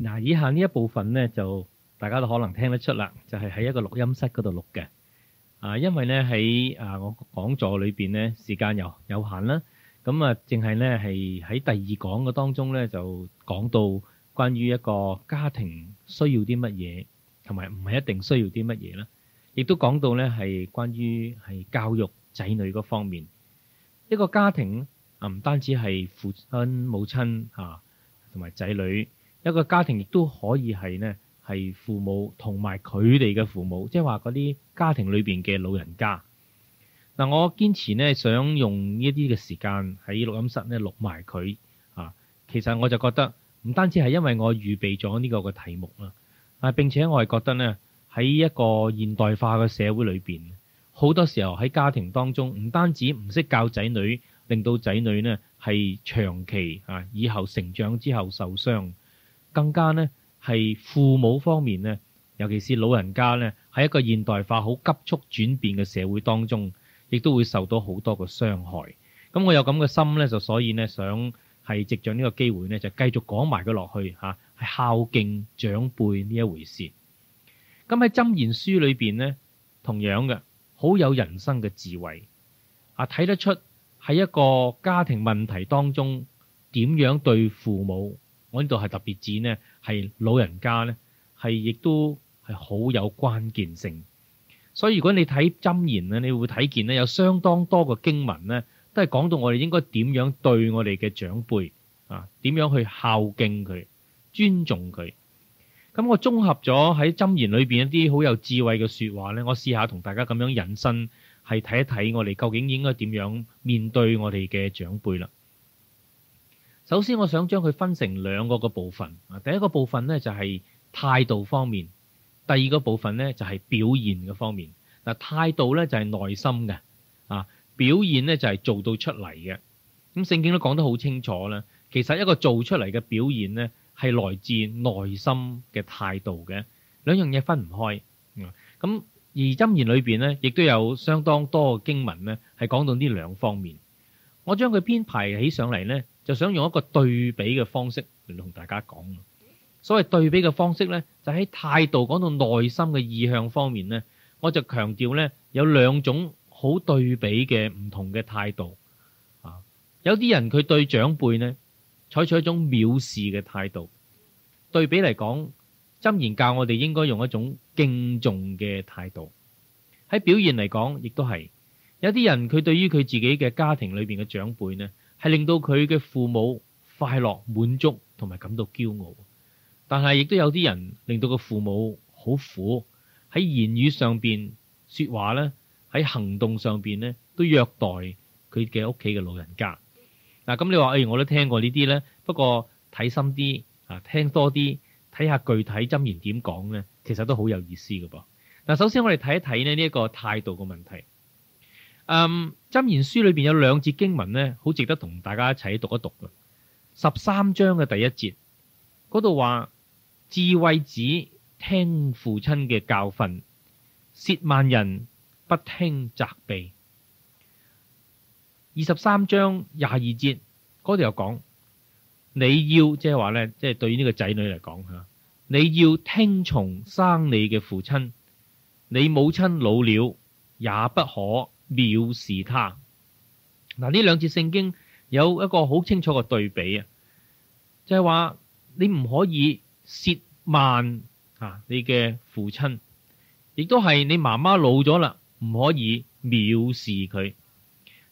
嗱，以下呢一部分呢，就大家都可能聽得出啦，就係喺一個錄音室嗰度錄嘅啊。因為呢喺啊，我講座裏邊呢時間又有限啦，咁啊，淨係呢係喺第二講嘅當中呢就講到關於一個家庭需要啲乜嘢，同埋唔係一定需要啲乜嘢啦。亦都講到呢係關於係教育仔女嗰方面，一個家庭啊，唔單止係父親、母親啊，同埋仔女。一個家庭亦都可以係咧，係父母同埋佢哋嘅父母，即係話嗰啲家庭裏邊嘅老人家嗱。我堅持咧，想用呢啲嘅時間喺錄音室咧錄埋佢啊。其實我就覺得唔單止係因為我預備咗呢個嘅題目啦，啊並且我係覺得呢喺一個現代化嘅社會裏邊，好多時候喺家庭當中唔單止唔識教仔女，令到仔女呢係長期啊，以後成長之後受傷。更加呢，係父母方面呢，尤其是老人家呢，喺一個現代化好急速轉變嘅社會當中，亦都會受到好多嘅傷害。咁我有咁嘅心呢，就所以呢，想係藉着呢個機會呢，就繼續講埋佢落去吓，係孝敬長輩呢一回事。咁喺《箴言書》裏邊呢，同樣嘅好有人生嘅智慧，啊睇得出喺一個家庭問題當中點樣對父母。我呢度係特別指呢，係老人家呢，係亦都係好有關鍵性。所以如果你睇箴言呢，你會睇見呢有相當多個經文呢，都係講到我哋應該點樣對我哋嘅長輩啊，點樣去孝敬佢、尊重佢。咁我綜合咗喺箴言裏面一啲好有智慧嘅說話呢，我試下同大家咁樣引申，係睇一睇我哋究竟應該點樣面對我哋嘅長輩啦。首先，我想將佢分成兩個個部分啊。第一個部分呢，就係態度方面，第二個部分呢，就係表現嘅方面嗱。態度呢，就係內心嘅啊，表現呢就係做到出嚟嘅。咁聖經都講得好清楚啦。其實一個做出嚟嘅表現呢，係來自內心嘅態度嘅。兩樣嘢分唔開。咁而箴言裏面呢，亦都有相當多嘅經文呢，係講到呢兩方面。我將佢編排起上嚟呢。就想用一個對比嘅方式嚟同大家講。所謂對比嘅方式咧，就喺態度講到內心嘅意向方面咧，我就強調咧有兩種好對比嘅唔同嘅態度。啊，有啲人佢對長輩咧採取一種藐視嘅態度，對比嚟講，箴言教我哋應該用一種敬重嘅態度。喺表現嚟講，亦都係有啲人佢對於佢自己嘅家庭裏邊嘅長輩咧。係令到佢嘅父母快樂、滿足同埋感到驕傲，但係亦都有啲人令到個父母好苦，喺言語上邊說話咧，喺行動上邊咧都虐待佢嘅屋企嘅老人家。嗱、哎，咁你話誒、哎，我都聽過呢啲咧，不過睇深啲啊，聽多啲，睇下具體箴言點講咧，其實都好有意思嘅噃。嗱，首先我哋睇一睇咧呢一個態度嘅問題。嗯，《箴、um, 言書》裏邊有兩節經文呢，好值得同大家一齊讀一讀。十三章嘅第一節嗰度話：智慧子聽父親嘅教訓，褻慢人不聽責備。二十三章廿二節嗰度又講：你要即係話呢，即係對於呢個仔女嚟講吓，你要聽從生你嘅父親。你母親老了，也不可。藐視他，嗱呢兩節聖經有一個好清楚嘅對比啊，就係話你唔可以褻慢你嘅父親，亦都係你媽媽老咗啦，唔可以藐視佢，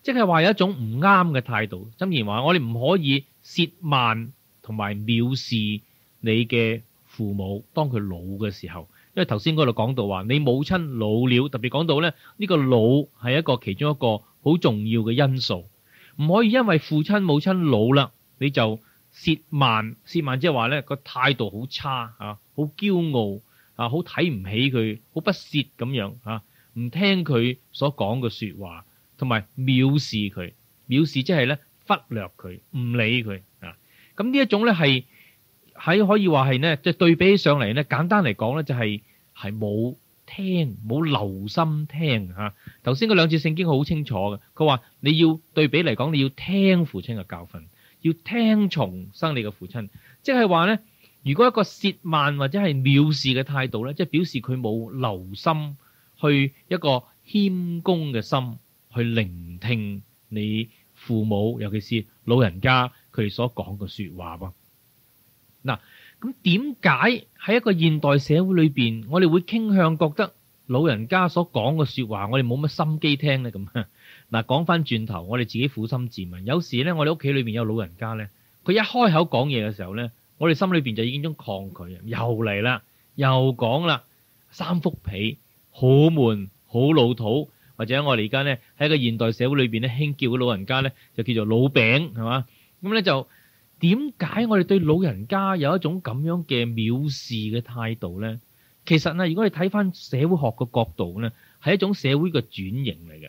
即係話有一種唔啱嘅態度。箴言話我哋唔可以褻慢同埋藐視你嘅父母，當佢老嘅時候。因為頭先嗰度講到話，你母親老了，特別講到咧，呢、這個老係一個其中一個好重要嘅因素，唔可以因為父親、母親老啦，你就褻慢褻慢，即係話咧個態度好差啊，好驕傲啊，好睇唔起佢，好不屑咁樣啊，唔聽佢所講嘅說話，同埋藐視佢，藐視即係咧忽略佢，唔理佢啊，咁呢一種咧係。喺可以話係咧，即係對比起上嚟咧，簡單嚟講咧，就係係冇聽冇留心聽吓。頭先嗰兩次聖經好清楚嘅，佢話你要對比嚟講，你要聽父親嘅教訓，要聽從生你嘅父親，即係話咧，如果一個褻慢或者係藐視嘅態度咧，即係表示佢冇留心去一個謙恭嘅心去聆聽你父母，尤其是老人家佢哋所講嘅說話。嗱，咁點解喺一個現代社會裏邊，我哋會傾向覺得老人家所講嘅説話，我哋冇乜心機聽呢咁？嗱，講返轉頭，我哋自己撫心自問，有時咧，我哋屋企裏邊有老人家咧，佢一開口講嘢嘅時候咧，我哋心裏邊就已經種抗拒啊！又嚟啦，又講啦，三幅被，好悶，好老土，或者我哋而家咧喺一個現代社會裏邊咧，興叫個老人家咧就叫做老餅，係嘛？咁咧就。點解我哋對老人家有一種咁樣嘅藐視嘅態度呢？其實咧，如果你睇翻社會學嘅角度呢，係一種社會嘅轉型嚟嘅。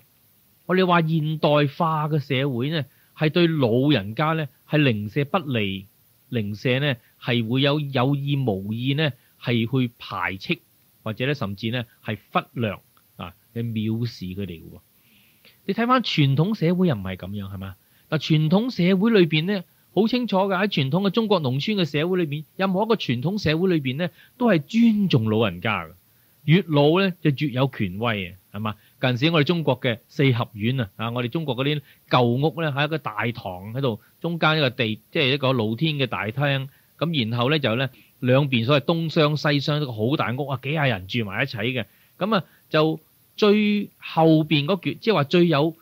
我哋話現代化嘅社會呢，係對老人家呢係零舍不利，零舍呢係會有有意無意呢，係去排斥或者咧甚至呢係忽略啊，你藐視佢哋嘅。你睇翻傳統社會又唔係咁樣，係嘛嗱？但傳統社會裏邊呢。好清楚噶，喺傳統嘅中國農村嘅社會裏面，任何一個傳統社會裏邊咧，都係尊重老人家嘅。越老咧就越有權威嘅，係嘛？近時我哋中國嘅四合院啊，啊，我哋中國嗰啲舊屋咧，喺一個大堂喺度，中間一個地，即係一個露天嘅大廳，咁然後咧就咧兩邊所謂東廂西廂一個好大屋啊，幾廿人住埋一齊嘅，咁啊就最後邊嗰橛，即係話最有。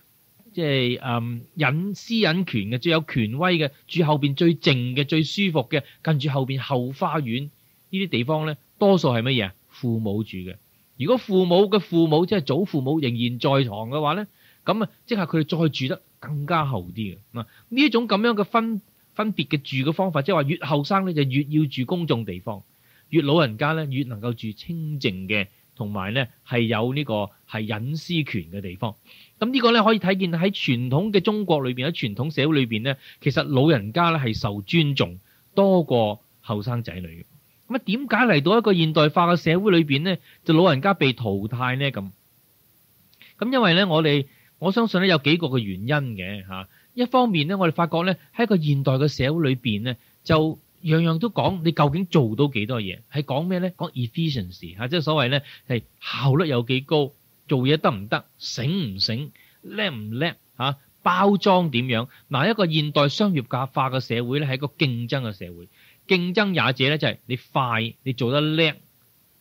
即係、就是、嗯，隱私隱權嘅最有權威嘅，住後邊最靜嘅最舒服嘅，近住後邊後花園呢啲地方咧，多數係乜嘢啊？父母住嘅。如果父母嘅父母即係祖父母仍然在堂嘅話咧，咁啊，即係佢哋再住得更加後啲嘅嗱。呢一種咁樣嘅分分別嘅住嘅方法，即係話越後生咧就越要住公眾地方，越老人家咧越能夠住清靜嘅，同埋咧係有呢個係隱私權嘅地方。咁呢個咧可以睇見喺傳統嘅中國裏面，喺傳統社會裏面咧，其實老人家咧係受尊重多過後生仔女嘅。咁啊點解嚟到一個現代化嘅社會裏面咧，就老人家被淘汰呢？咁？咁因為咧，我哋我相信咧有幾個嘅原因嘅嚇。一方面咧，我哋發覺咧喺一個現代嘅社會裏面咧，就樣樣都講你究竟做到幾多嘢，係講咩咧？講 efficiency 嚇，即係所謂咧係效率有幾高。做嘢得唔得？醒唔醒？叻唔叻？嚇？包裝點樣？嗱，一個現代商業化化嘅社會咧，係一個競爭嘅社會。競爭也者咧，就係你快，你做得叻，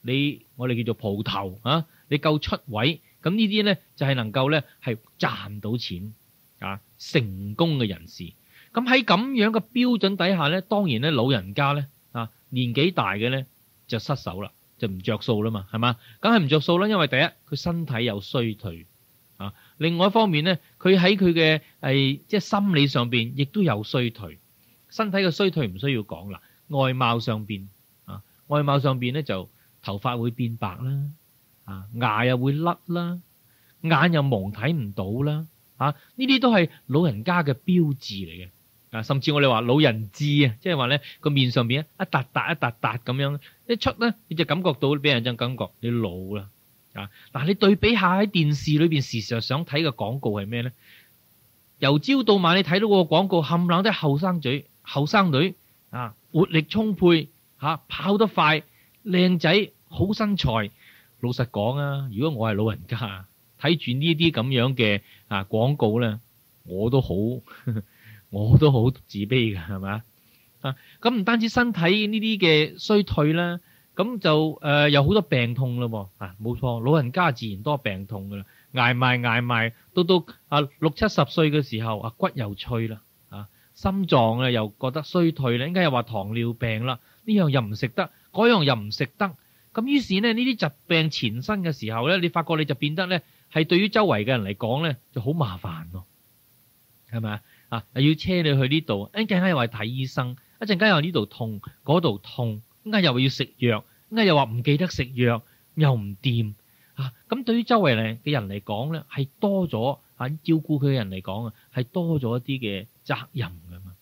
你我哋叫做鋪頭啊，你夠出位。咁呢啲咧就係能夠咧係賺到錢啊，成功嘅人士。咁喺咁樣嘅標準底下咧，當然咧老人家咧啊，年紀大嘅咧就失手啦。就唔着數啦嘛，係嘛？梗係唔着數啦，因為第一佢身體有衰退啊，另外一方面咧，佢喺佢嘅即係心理上邊亦都有衰退。身體嘅衰退唔需要講啦，外貌上邊啊，外貌上邊咧就頭髮會變白啦，啊牙又會甩啦，眼又蒙睇唔到啦，啊呢啲都係老人家嘅標誌嚟嘅。啊，甚至我哋話老人痣啊，即係話咧個面上邊，一笪笪一笪笪咁樣一出咧，你就感覺到俾人一種感覺你老啦。啊，嗱，你對比下喺電視裏邊時常想睇嘅廣告係咩咧？由朝到晚你睇到個廣告，冚冷都係後生仔後生女啊，活力充沛吓，跑得快，靚仔，好身材。老實講啊，如果我係老人家睇住呢啲咁樣嘅啊廣告咧，我都好。我都好自卑㗎，係咪？啊？咁唔單止身體呢啲嘅衰退啦，咁就誒、呃、有好多病痛啦，啊冇錯，老人家自然都有病痛噶啦，挨埋挨埋，到到啊六七十歲嘅時候啊，骨又脆啦，啊心臟咧又覺得衰退啦，應該又話糖尿病啦，呢樣又唔食得，嗰樣又唔食得，咁於是呢，呢啲疾病纏身嘅時候咧，你發覺你就變得咧係對於周圍嘅人嚟講咧就好麻煩咯，係咪？啊！又要車你去呢度，一陣間又話睇醫生，一陣間又話呢度痛嗰度痛，點解又話要食藥？點解又話唔記得食藥？又唔掂啊！咁對於周圍嘅人嚟講咧，係多咗啊！照顧佢嘅人嚟講啊，係多咗一啲嘅責任㗎嘛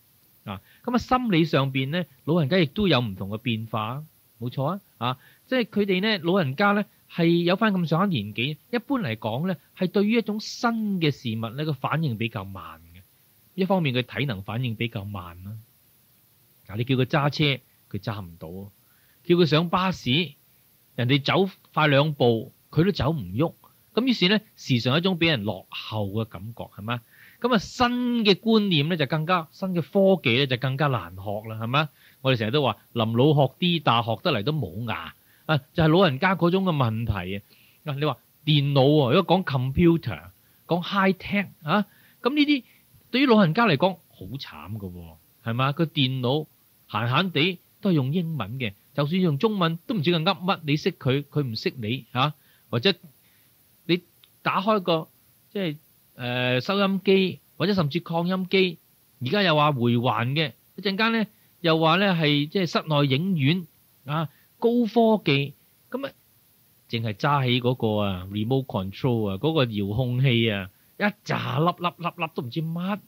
啊！咁啊，心理上邊咧，老人家亦都有唔同嘅變化，冇錯啊啊！即係佢哋咧，老人家咧係有返咁上下年紀，一般嚟講咧係對於一種新嘅事物咧個反應比較慢。一方面佢體能反應比較慢啦，嗱你叫佢揸車，佢揸唔到；叫佢上巴士，人哋走快兩步，佢都走唔喐。咁於是咧，時常一種俾人落後嘅感覺係咪？咁啊，新嘅觀念咧就更加新嘅科技咧就更加難學啦，係咪？我哋成日都話臨老學啲，但係學得嚟都冇牙啊，就係、是、老人家嗰種嘅問題啊。你話電腦喎，如果講 computer、講 high tech 啊，咁呢啲。對於老人家嚟講，好慘㗎喎，係嘛？佢電腦閒閒地都係用英文嘅，就算用中文都唔知佢噏乜。你識佢，佢唔識你嚇。或者你打開個即係誒收音機，或者甚至擴音機。而家又話回環嘅一陣間咧，又話咧係即係室內影院啊，高科技咁啊，淨係揸起嗰個啊 remote control 啊，嗰個遙控器啊。一揸粒粒粒粒都唔知乜，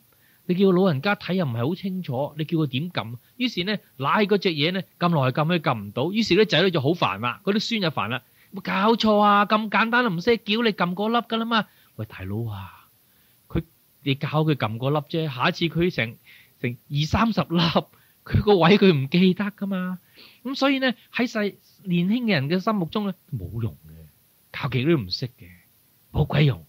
你叫老人家睇又唔係好清楚，你叫佢點撳？於是咧，奶嗰隻嘢咧，撳落去撳去撳唔到。於是咧，仔女就好煩啦，嗰啲孫就煩啦。冇搞錯啊，咁簡單都唔識，叫你撳嗰粒噶啦嘛。喂，大佬啊，佢你教佢撳嗰粒啫，下一次佢成成二三十粒，佢個位佢唔記得噶嘛。咁所以咧，喺細年輕嘅人嘅心目中咧，冇用嘅，教極都唔識嘅，冇鬼用。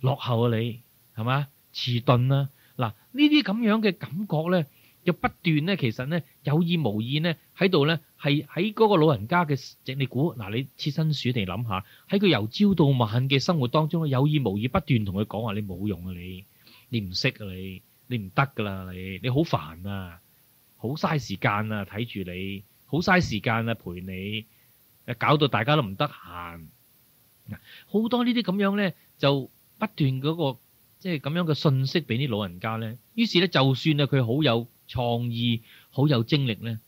落後啊你，係嘛遲鈍啦、啊？嗱呢啲咁樣嘅感覺咧，又不斷咧，其實咧有意無意咧喺度咧，係喺嗰個老人家嘅，即係你估嗱，你切身處地諗下，喺佢由朝到晚嘅生活當中，有意無意不斷同佢講話：你冇用啊你，你唔識啊你，你唔得噶啦你，你好煩啊，好嘥時間啊睇住你，好嘥時間啊陪你，搞到大家都唔得閒，好多嗱呢啲咁樣咧就。不斷嗰個即係咁樣嘅信息俾啲老人家呢。於是呢，就算啊佢好有創意、好有精力呢，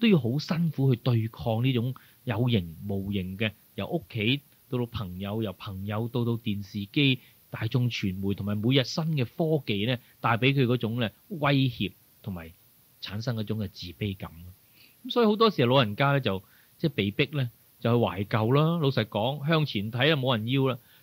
都要好辛苦去對抗呢種有形無形嘅由屋企到到朋友，由朋友到到電視機、大眾傳媒同埋每日新嘅科技呢，帶俾佢嗰種威脅同埋產生嗰種嘅自卑感。咁所以好多時啊老人家呢，就即係被逼呢，就去懷舊啦。老實講向前睇啊冇人要啦。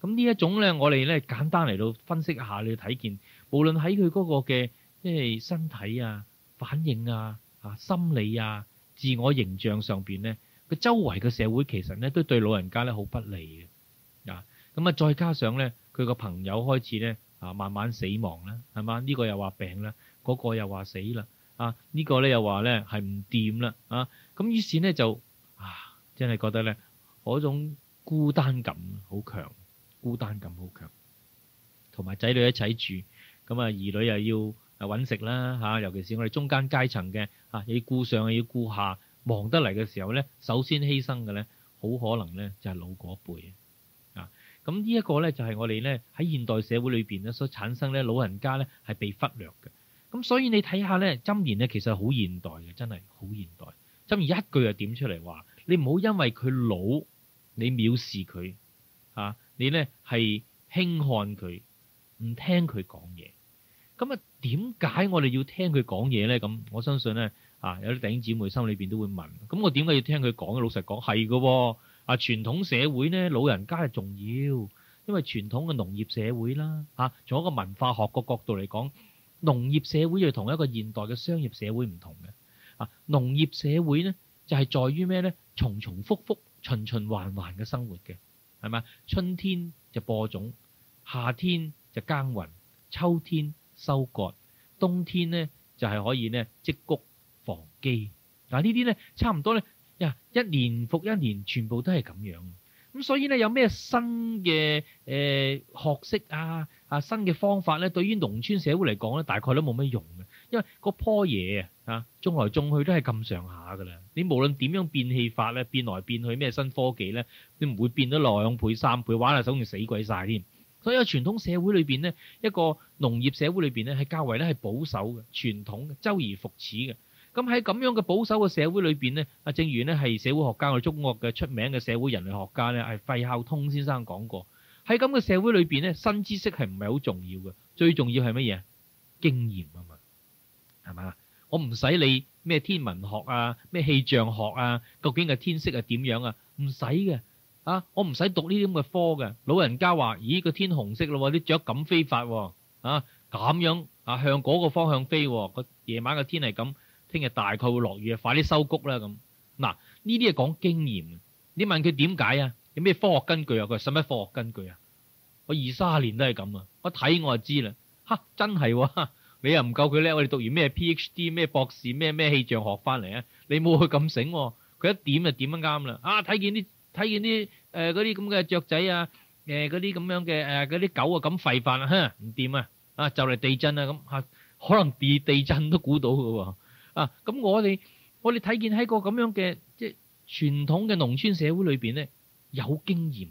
咁呢一種咧，我哋咧簡單嚟到分析一下，你睇見無論喺佢嗰個嘅即係身體啊、反應啊、心理啊、自我形象上邊咧，佢周圍嘅社會其實咧都對老人家咧好不利嘅啊。咁啊，再加上咧佢個朋友開始咧啊，慢慢死亡啦，係嘛？呢、這個又話病啦，嗰、那個又話死啦，啊、這、呢個咧又話咧係唔掂啦，啊咁於是咧就啊真係覺得咧嗰種孤單感好強。孤單感好強，同埋仔女一齊住，咁啊兒女又要揾食啦嚇，尤其是我哋中間階層嘅嚇，要顧上又要顧下，忙得嚟嘅時候呢，首先犧牲嘅呢，好可能呢就係老嗰一輩啊。咁呢一個呢，就係我哋呢喺現代社會裏面呢所產生呢老人家呢係被忽略嘅。咁所以你睇下呢，箴言呢其實好現代嘅，真係好現代。箴言一句又點出嚟話，你唔好因為佢老，你藐視佢。你咧係輕看佢，唔聽佢講嘢。咁啊，點解我哋要聽佢講嘢咧？咁我相信咧，啊有啲弟兄姊妹心裏邊都會問，咁我點解要聽佢講？老實講係㗎喎。啊，傳統社會咧，老人家係重要，因為傳統嘅農業社會啦，嚇，從一個文化學嘅角度嚟講，農業社會又同一個現代嘅商業社會唔同嘅。啊，農業社會咧就係在於咩咧？重重覆覆、循循環環嘅生活嘅。係嘛？春天就播種，夏天就耕耘，秋天收割，冬天咧就係、是、可以咧積谷防飢。嗱、啊、呢啲咧差唔多咧呀，一年復一年，全部都係咁樣。咁所以咧有咩新嘅誒、呃、學識啊啊新嘅方法咧，對於農村社會嚟講咧，大概都冇乜用嘅，因為個坡嘢啊。啊，種來種去都係咁上下噶啦。你無論點樣變戲法咧，變來變去咩新科技咧，你唔會變得兩倍三倍，玩下手完死鬼晒添。所以喺傳統社會裏邊咧，一個農業社會裏邊咧，係較為咧係保守嘅傳統嘅，周而復始嘅。咁喺咁樣嘅保守嘅社會裏邊咧，啊，正如咧係社會學家我哋中國嘅出名嘅社會人類學家咧，係費孝通先生講過喺咁嘅社會裏邊咧，新知識係唔係好重要嘅？最重要係乜嘢？經驗啊嘛，係嘛？我唔使理咩天文學啊，咩氣象學啊，究竟嘅天色係點樣啊？唔使嘅，啊，我唔使讀呢啲咁嘅科嘅。老人家話：咦，個天紅色咯，啲雀咁飛法，啊，咁樣啊，向嗰個方向飛。個、啊、夜晚嘅天係咁，聽日大概會落雨啊，快啲收谷啦咁。嗱，呢啲係講經驗。你問佢點解啊？有咩科學根據啊？佢使乜科學根據啊？我二三十年都係咁啊，我睇我就知啦。吓，真係、啊。你又唔夠佢叻，我哋讀完咩 PhD 咩博士咩咩氣象學翻嚟啊！你冇佢咁醒，佢一點就點得啱啦。啊，睇見啲睇見啲誒嗰啲咁嘅雀仔啊，嗰啲咁樣嘅誒嗰啲狗啊咁吠翻啦，哼，唔掂啊！啊，就嚟地震啊咁吓，可能地地震都估到㗎喎、啊。啊，咁我哋我哋睇見喺個咁樣嘅即係傳統嘅農村社會裏面，咧，有經驗，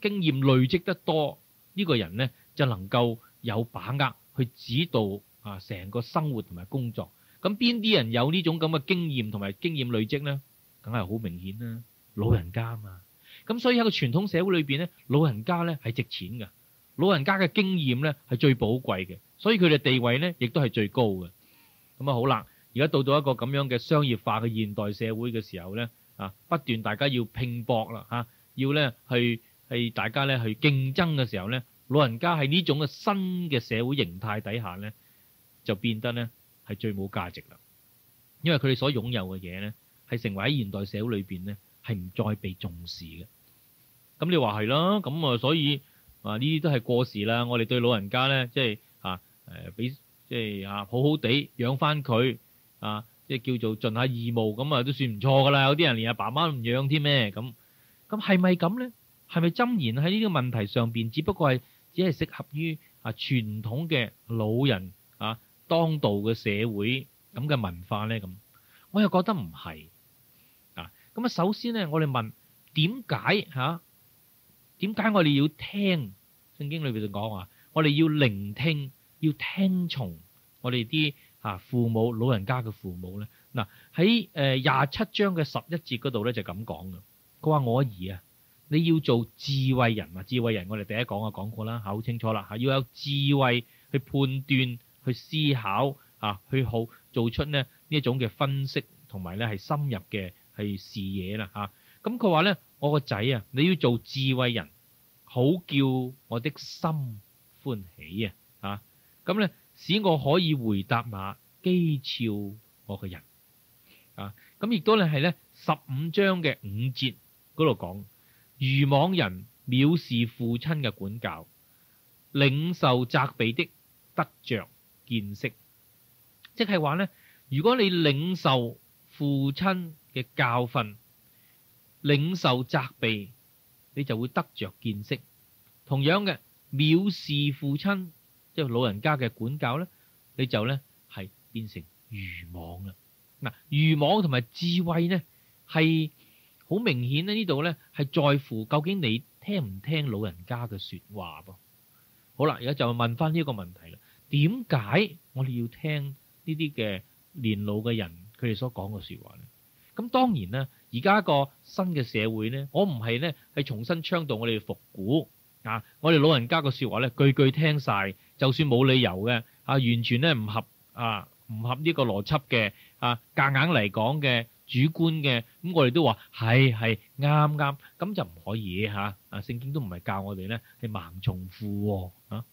經驗累積得多，呢、呢個人咧就能夠有把握。佢指導啊，成個生活同埋工作，咁邊啲人有呢種咁嘅經驗同埋經驗累積呢？梗係好明顯啦，老人家啊嘛，咁所以喺個傳統社會裏邊咧，老人家咧係值錢嘅，老人家嘅經驗咧係最寶貴嘅，所以佢哋地位咧亦都係最高嘅。咁啊好啦，而家到到一個咁樣嘅商業化嘅現代社會嘅時候咧，啊不斷大家要拼搏啦嚇，要咧去去大家咧去競爭嘅時候咧。老人家喺呢種嘅新嘅社會形態底下咧，就變得咧係最冇價值啦。因為佢哋所擁有嘅嘢咧，係成為喺現代社會裏邊咧係唔再被重視嘅。咁你話係囉，咁啊所以啊呢啲都係過時啦。我哋對老人家咧，即係啊誒俾即係啊好好地養翻佢啊，即係叫做盡下義務，咁啊都算唔錯噶啦。有啲人連阿爸媽都唔養添咩？咁咁係咪咁咧？係咪箴言喺呢個問題上邊？只不過係。只係適合於啊傳統嘅老人啊當道嘅社會咁嘅文化咧咁，我又覺得唔係啊。咁啊，首先咧，我哋問點解嚇？點解我哋要聽聖經裏邊就講啊？我哋要聆聽，要聽從我哋啲啊父母老人家嘅父母咧。嗱喺誒廿七章嘅十一節嗰度咧就咁講嘅。佢話我兒啊。你要做智慧人啊！智慧人，我哋第一講啊講過啦，吓，好清楚啦，吓，要有智慧去判斷、去思考啊，去好做出呢呢一種嘅分析，同埋咧係深入嘅係視野啦，吓。咁佢話咧，我個仔啊，你要做智慧人，好叫我的心歡喜啊，吓咁咧，使我可以回答下譏誚我嘅人啊。咁亦都咧係咧十五章嘅五節嗰度講。愚妄人藐視父親嘅管教，領受責備的得着見識，即係話咧，如果你領受父親嘅教訓，領受責備，你就會得着見識。同樣嘅藐視父親，即係老人家嘅管教咧，你就咧係變成愚妄啦。嗱，愚妄同埋智慧咧係。好明顯呢，呢度呢，係在乎究竟你聽唔聽老人家嘅說話噃。好啦，依家就問返呢個問題啦。點解我哋要聽呢啲嘅年老嘅人，佢哋所講嘅說話呢？咁當然呢，依家個新嘅社會呢，我唔係呢，係重新倡導，我哋復古。我哋老人家嘅說話呢，句句聽晒，就算冇理由嘅，完全呢，唔合，唔合呢個邏輯嘅，夾硬嚟講嘅，主觀嘅，咁我哋都話係係啱啱，咁就唔可以吓，啊聖經都唔係教我哋咧，係盲從附，啊，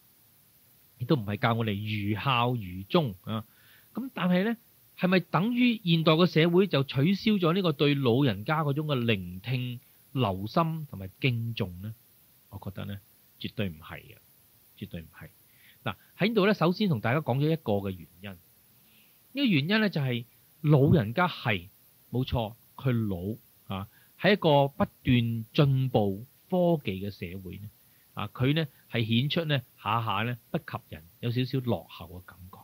亦都唔係教我哋愚孝愚忠啊，咁但係咧，係咪等於現代個社會就取消咗呢個對老人家嗰種嘅聆聽、留心同埋敬重咧？我覺得咧，絕對唔係嘅，絕對唔係。嗱喺度咧，首先同大家講咗一個嘅原因，呢個原因咧就係老人家係。冇錯，佢老啊，係一個不斷進步科技嘅社會咧。啊，佢呢係顯出呢下下呢不及人，有少少落後嘅感覺。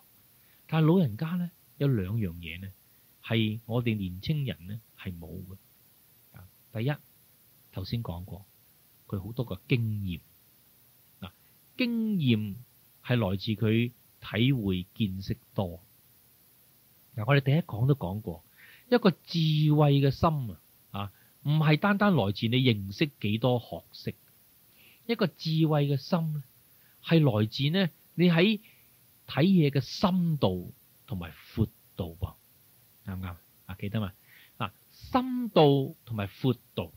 但係老人家呢，有兩樣嘢呢係我哋年青人呢係冇嘅。第一，頭先講過佢好多個經驗嗱，經驗係來自佢體會見識多嗱。我哋第一講都講過。一個智慧嘅心啊，啊，唔係單單來自你認識幾多學識。一個智慧嘅心，係來自咧你喺睇嘢嘅深度同埋闊度噃，啱唔啱？啊，記得嘛？啊，深度同埋闊度，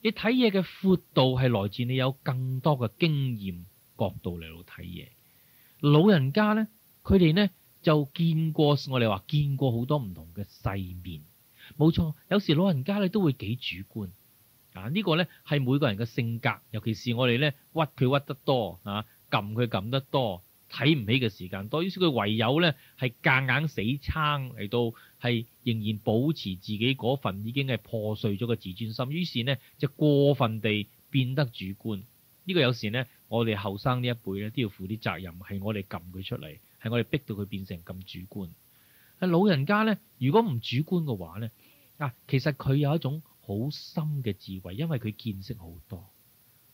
你睇嘢嘅闊度係來自你有更多嘅經驗角度嚟到睇嘢。老人家咧，佢哋咧。就見過，我哋話見過好多唔同嘅世面，冇錯。有時老人家咧都會幾主觀。啊，呢個咧係每個人嘅性格，尤其是我哋咧屈佢屈得多啊，撳佢撳得多，睇唔起嘅時間多，於是佢唯有咧係夾硬死撐嚟到係仍然保持自己嗰份已經係破碎咗嘅自尊心，於是呢，就過分地變得主觀。呢個有時呢，我哋後生呢一輩咧都要負啲責任，係我哋撳佢出嚟。係我哋逼到佢變成咁主觀。係老人家咧，如果唔主觀嘅話咧，嗱，其實佢有一種好深嘅智慧，因為佢見識好多。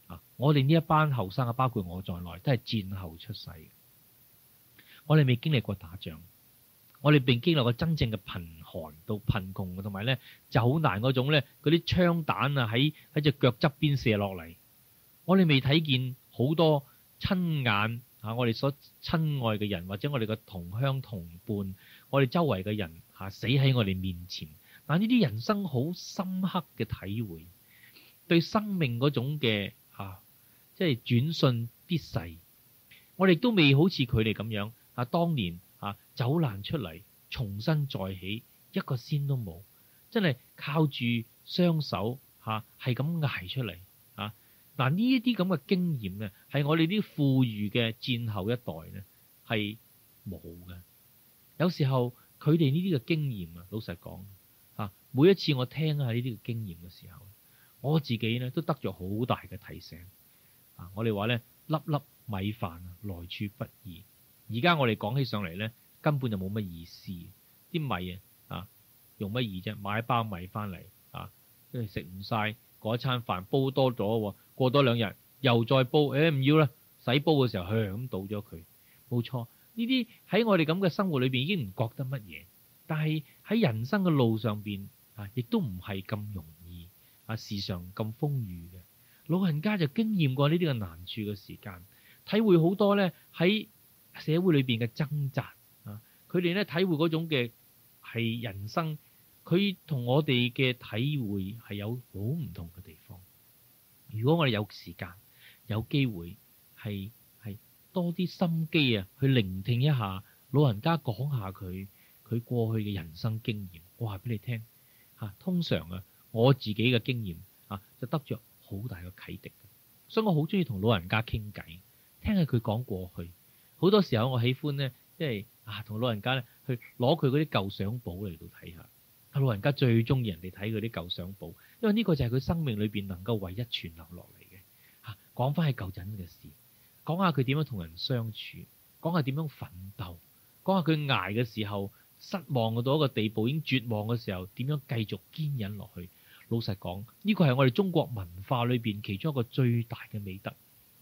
啊，我哋呢一班後生啊，包括我在內，都係戰後出世。我哋未經歷過打仗，我哋未經歷過真正嘅貧寒到貧窮，同埋咧就好難嗰種咧，嗰啲槍彈啊喺喺隻腳側邊射落嚟。我哋未睇見好多親眼。嚇、啊！我哋所親愛嘅人，或者我哋嘅同鄉同伴，我哋周圍嘅人嚇、啊、死喺我哋面前。但呢啲人生好深刻嘅體會，對生命嗰種嘅嚇，即、啊、係、就是、轉瞬即逝。我哋都未好似佢哋咁樣嚇、啊，當年嚇、啊、走難出嚟，重新再起，一個仙都冇，真係靠住雙手嚇係咁捱出嚟。嗱呢一啲咁嘅經驗咧，係我哋啲富裕嘅戰後一代咧係冇嘅。有時候佢哋呢啲嘅經驗啊，老實講嚇，每一次我聽下呢啲嘅經驗嘅時候，我自己咧都得咗好大嘅提醒。啊，我哋話咧粒粒米飯啊來處不易，而家我哋講起上嚟咧根本就冇乜意思。啲米啊啊用乜易啫？買一包米翻嚟啊，食唔晒嗰一餐飯煲多咗。過多兩日又再煲，誒、哎、唔要啦！洗煲嘅時候，向咁倒咗佢，冇錯。呢啲喺我哋咁嘅生活裏邊已經唔覺得乜嘢，但係喺人生嘅路上邊啊，亦都唔係咁容易啊，時常咁風雨嘅。老人家就經驗過呢啲嘅難處嘅時間，體會好多咧喺社會裏邊嘅掙扎啊！佢哋咧體會嗰種嘅係人生，佢同我哋嘅體會係有好唔同嘅地方。如果我哋有時間、有機會，係係多啲心機啊，去聆聽一下老人家講下佢佢過去嘅人生經驗。我話俾你聽吓，通常啊，我自己嘅經驗就得着好大嘅啟迪，所以我好中意同老人家傾偈，聽下佢講過去。好多時候我喜歡呢，即係啊，同老人家咧去攞佢嗰啲舊相簿嚟到睇下，老人家最中意人哋睇佢啲舊相簿。因為呢個就係佢生命裏邊能夠唯一存留落嚟嘅，吓，講翻係舊陣嘅事，講下佢點樣同人相處，講下點樣奮鬥，講下佢挨嘅時候失望到一個地步已經絕望嘅時候，點樣繼續堅忍落去。老實講，呢個係我哋中國文化裏邊其中一個最大嘅美德。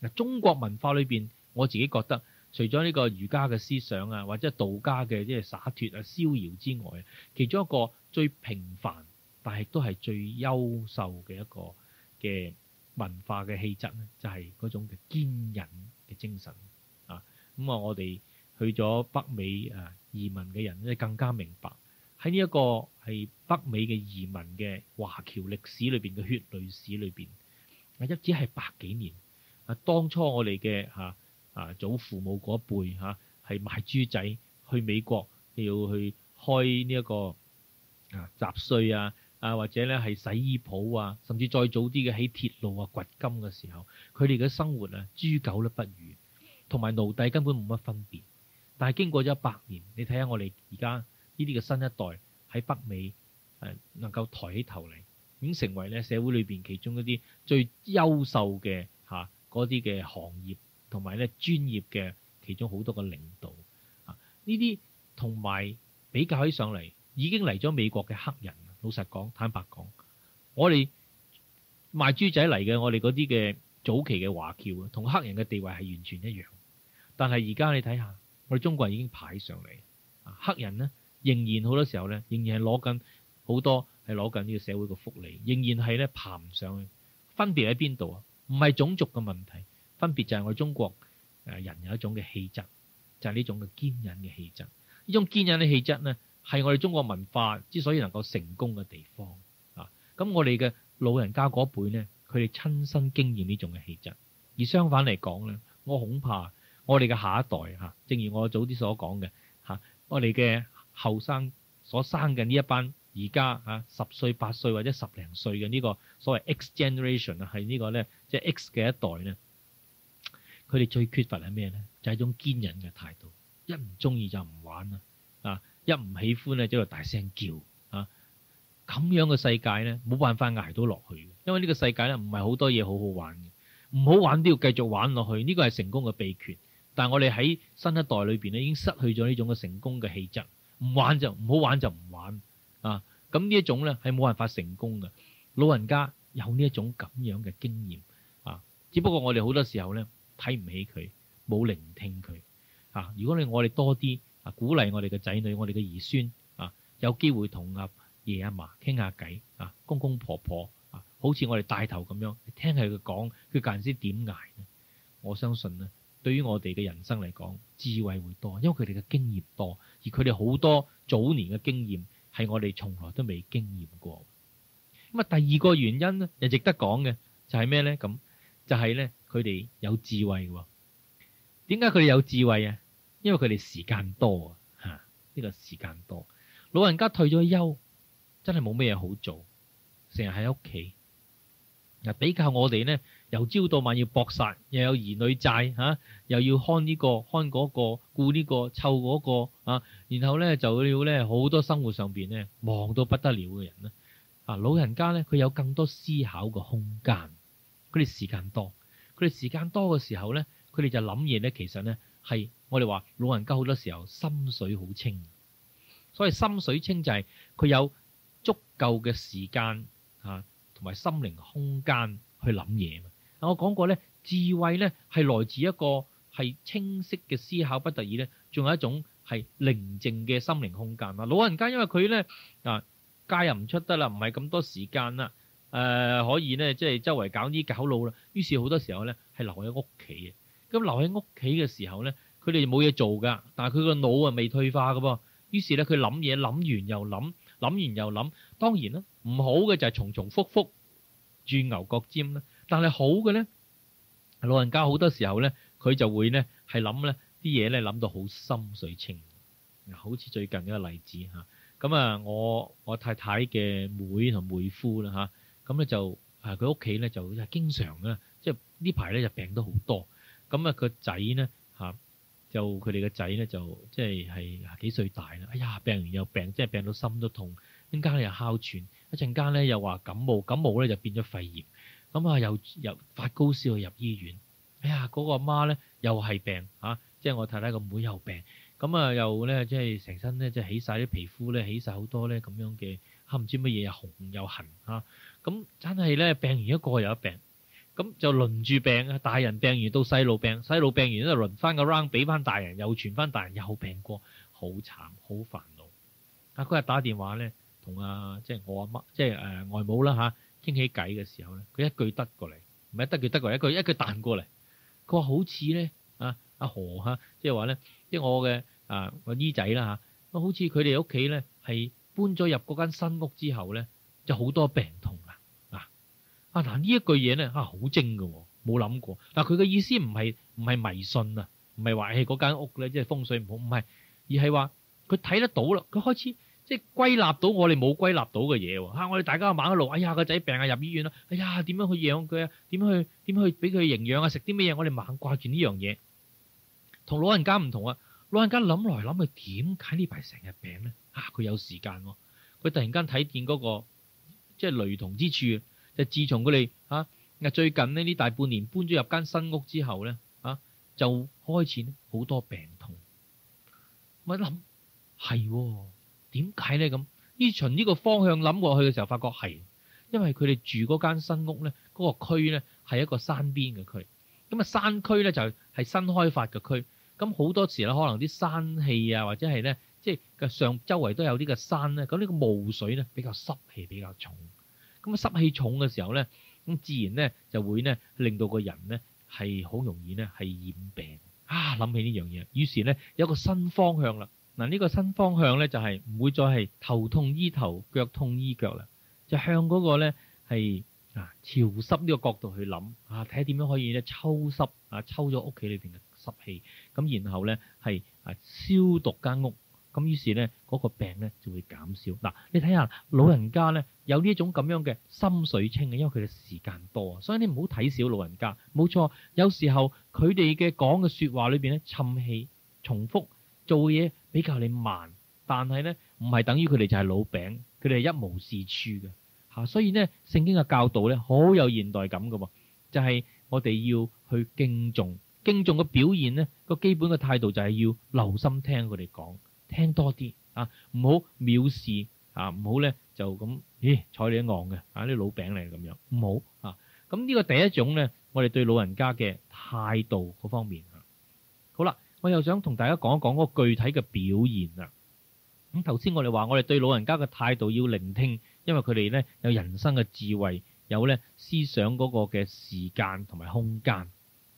嗱、啊，中國文化裏邊，我自己覺得，除咗呢個儒家嘅思想啊，或者道家嘅即係灑脫啊、逍遙之外，其中一個最平凡，但係都係最優秀嘅一個嘅文化嘅氣質咧，就係、是、嗰種堅忍嘅精神啊！咁、嗯、啊，我哋去咗北美啊，移民嘅人咧更加明白，喺呢一個係北美嘅移民嘅華僑歷史裏邊嘅血淚史裏邊啊，一直係百幾年啊！當初我哋嘅嚇啊，啊祖父母嗰一輩嚇係賣豬仔去美國，要去開呢、這、一個啊雜稅啊。啊，或者咧係洗衣鋪啊，甚至再早啲嘅喺鐵路啊掘金嘅時候，佢哋嘅生活啊豬狗都不如，同埋奴隸根本冇乜分別。但係經過咗一百年，你睇下我哋而家呢啲嘅新一代喺北美係能夠抬起頭嚟，咁成為咧社會裏邊其中一啲最優秀嘅嚇嗰啲嘅行業，同埋咧專業嘅其中好多嘅領導啊。呢啲同埋比較起上嚟，已經嚟咗美國嘅黑人。老實講，坦白講，我哋賣豬仔嚟嘅，我哋嗰啲嘅早期嘅華僑啊，同黑人嘅地位係完全一樣。但係而家你睇下，我哋中國人已經排上嚟，黑人呢，仍然好多時候呢，仍然係攞緊好多係攞緊呢個社會嘅福利，仍然係咧爬唔上去。分別喺邊度啊？唔係種族嘅問題，分別就係我哋中國誒人有一種嘅氣質，就係呢種嘅堅韌嘅氣質。呢種堅韌嘅氣質呢，係我哋中國文化之所以能夠成功嘅地方啊！咁我哋嘅老人家嗰輩呢，佢哋親身經驗呢種嘅氣質。而相反嚟講呢，我恐怕我哋嘅下一代、吓、正如我早啲所講嘅、吓、我哋嘅後生所生嘅呢一班而家、啊、十歲八歲或者十零歲嘅呢個所謂 X generation 啊，係呢個呢，即、係、X 嘅一代呢。佢哋最缺乏係咩呢？就係、一、種堅忍嘅態度，一唔中意就唔玩啦啊！一唔喜歡咧，就喺度大聲叫啊！咁樣嘅世界呢，冇辦法捱到落去。因為呢個世界呢，唔係好多嘢好好玩嘅，唔好玩都要繼續玩落去。呢個係成功嘅秘訣。但係我哋喺新一代裏邊呢，已經失去咗呢種嘅成功嘅氣質。唔玩就唔好玩就唔玩啊！咁呢一種呢，係冇辦法成功嘅。老人家有呢一種咁樣嘅經驗啊，只不過我哋好多時候呢，睇唔起佢，冇聆聽佢啊。如果你我哋多啲。啊！鼓勵我哋嘅仔女，我哋嘅兒孫啊，有機會同阿爺阿嫲傾下偈啊，公公婆婆啊，好似我哋帶頭咁樣，聽下佢講，佢間先之點捱呢。我相信咧，對於我哋嘅人生嚟講，智慧會多，因為佢哋嘅經驗多，而佢哋好多早年嘅經驗係我哋從來都未經驗過。咁啊，第二個原因咧，又值得講嘅就係咩呢？咁就係呢，佢哋有智慧喎。點解佢哋有智慧啊？因為佢哋時間多啊，吓、這、呢個時間多。老人家退咗休，真係冇咩嘢好做，成日喺屋企。嗱，比較我哋呢，由朝到晚要搏殺，又有兒女債吓、啊，又要看呢、這個看嗰、那個，顧呢、這個湊嗰、那個啊，然後咧就要咧好多生活上邊咧忙到不得了嘅人啊，老人家咧，佢有更多思考嘅空間，佢哋時間多，佢哋時間多嘅時候咧，佢哋就諗嘢咧，其實咧。係我哋話老人家好多時候心水好清，所以心水清就係佢有足夠嘅時間同埋心靈空間去諗嘢。我講過咧，智慧咧係來自一個係清晰嘅思考，不特止咧，仲有一種係寧靜嘅心靈空間啊！老人家因為佢咧啊，街又唔出得啦，唔係咁多時間啦，誒、呃，可以咧即係周圍搞呢搞路啦，於是好多時候咧係留喺屋企嘅。咁留喺屋企嘅時候咧，佢哋就冇嘢做噶。但係佢個腦啊未退化㗎噃。於是咧，佢諗嘢，諗完又諗，諗完又諗。當然啦，唔好嘅就係重重複複轉牛角尖啦。但係好嘅咧，老人家好多時候咧，佢就會咧係諗咧啲嘢咧諗到好心水清。好似最近一個例子嚇咁啊，我我太太嘅妹同妹夫啦嚇咁咧，就佢屋企咧就經常㗎。即係呢排咧就病得好多。咁啊，個仔咧就佢哋個仔咧就即係係幾歲大啦？哎呀，病完又病，即係病到心都痛，一陣間又哮喘，一陣間咧又話感冒，感冒咧就變咗肺炎，咁啊又又發高燒入醫院。哎呀，嗰個阿媽咧又係病、啊、即係我太太個妹妹又病，咁啊又咧即係成身咧即係起晒啲皮膚咧起晒好多咧咁樣嘅，嚇唔知乜嘢又紅又痕咁、啊、真係咧病完一個又一病。咁就輪住病啊！大人病完到細路病，細路病完都輪翻個 round，俾翻大人，又傳翻大人又病過，好慘，好煩惱。啊！嗰日打電話咧，同啊，即係我阿媽，即係誒外母啦吓，傾起偈嘅時候咧，佢一句得過嚟，唔係一得句得過嚟，一句一句彈過嚟。佢話好似咧啊，阿何吓，即係話咧，即係我嘅啊個姨仔啦吓，好似佢哋屋企咧係搬咗入嗰間新屋之後咧，就好多病痛。啊！嗱呢一句嘢咧，啊好精嘅，冇諗過。但佢嘅意思唔係唔係迷信、哎就是就是、啊，唔係話誒嗰間屋咧即係風水唔好，唔係而係話佢睇得到啦，佢開始即係歸納到我哋冇歸納到嘅嘢喎。吓我哋大家猛一路，哎呀個仔病啊入醫院啦，哎呀點樣去養佢啊？點樣去點樣去俾佢營養啊？食啲乜嘢？我哋猛掛住呢樣嘢，同老人家唔同啊！老人家諗來諗去，點解呢排成日病咧？啊，佢有時間、啊，佢突然間睇見嗰個即係、就是、雷同之處。就自從佢哋嚇，最近呢呢大半年搬咗入間新屋之後咧，嚇就開始好多病痛想。咪諗係點解咧？咁依循呢個方向諗過去嘅時候，發覺係，因為佢哋住嗰間新屋咧，嗰個區咧係一個山邊嘅區。咁啊，山區咧就係新開發嘅區。咁好多時咧，可能啲山氣啊，或者係咧，即係上周圍都有啲嘅山咧。咁、這、呢個霧水咧比較濕氣比較重。咁濕氣重嘅時候呢，咁自然呢就會呢令到個人呢係好容易呢係染病。啊，諗起呢樣嘢，於是呢有一個新方向啦。嗱，呢個新方向呢就係唔會再係頭痛醫頭、腳痛醫腳啦，就向嗰個呢係啊潮濕呢個角度去諗啊，睇下點樣可以呢抽濕啊，抽咗屋企裏邊嘅濕氣，咁然後呢係啊消毒間屋。咁於是咧，嗰個病咧就會減少。嗱，你睇下老人家咧，有呢一種咁樣嘅心水清嘅，因為佢哋時間多，所以你唔好睇小老人家。冇錯，有時候佢哋嘅講嘅說話裏面咧，沉氣重複做嘢比較你慢，但係咧唔係等於佢哋就係老餅，佢哋係一無是處嘅吓，啊，所以呢，聖經嘅教導咧好有現代感嘅，就係我哋要去敬重敬重嘅表現呢個基本嘅態度就係要留心聽佢哋講。聽多啲啊，唔好藐視啊，唔好咧就咁咦睬你一昂嘅，啊啲老餅嚟咁樣，唔好啊。咁呢個第一種咧，我哋對老人家嘅態度嗰方面啊，好啦，我又想同大家講一講嗰個具體嘅表現啦。咁頭先我哋話我哋對老人家嘅態度要聆聽，因為佢哋咧有人生嘅智慧，有咧思想嗰個嘅時間同埋空間。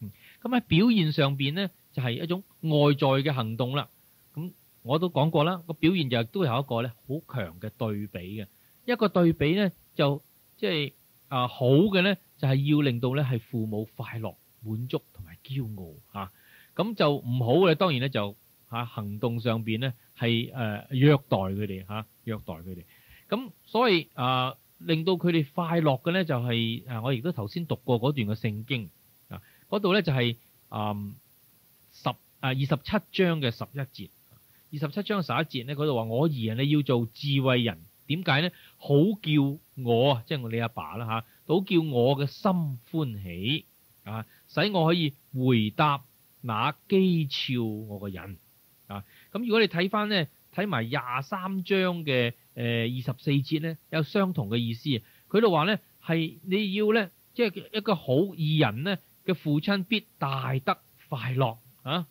咁、嗯、喺表現上邊咧就係、是、一種外在嘅行動啦。我都講過啦，個表現就都有一個咧，好強嘅對比嘅一個對比咧，就即係啊，好嘅咧就係要令到咧係父母快樂、滿足同埋驕傲嚇，咁就唔好嘅當然咧就嚇行動上邊咧係誒虐待佢哋嚇，虐待佢哋咁，所以啊令到佢哋快樂嘅咧就係誒，我亦都頭先讀過嗰段嘅聖經啊，嗰度咧就係誒十啊二十七章嘅十一節。二十七章十一節咧，佢就話我兒啊，你要做智慧人，點解咧？好叫我啊，即係我你阿爸啦吓，好叫我嘅心歡喜啊，使我可以回答那譏誚我嘅人啊。咁如果你睇翻咧，睇埋廿三章嘅誒二十四節咧，有相同嘅意思。佢就話咧係你要咧，即係一個好義人咧嘅父親必大得快樂啊，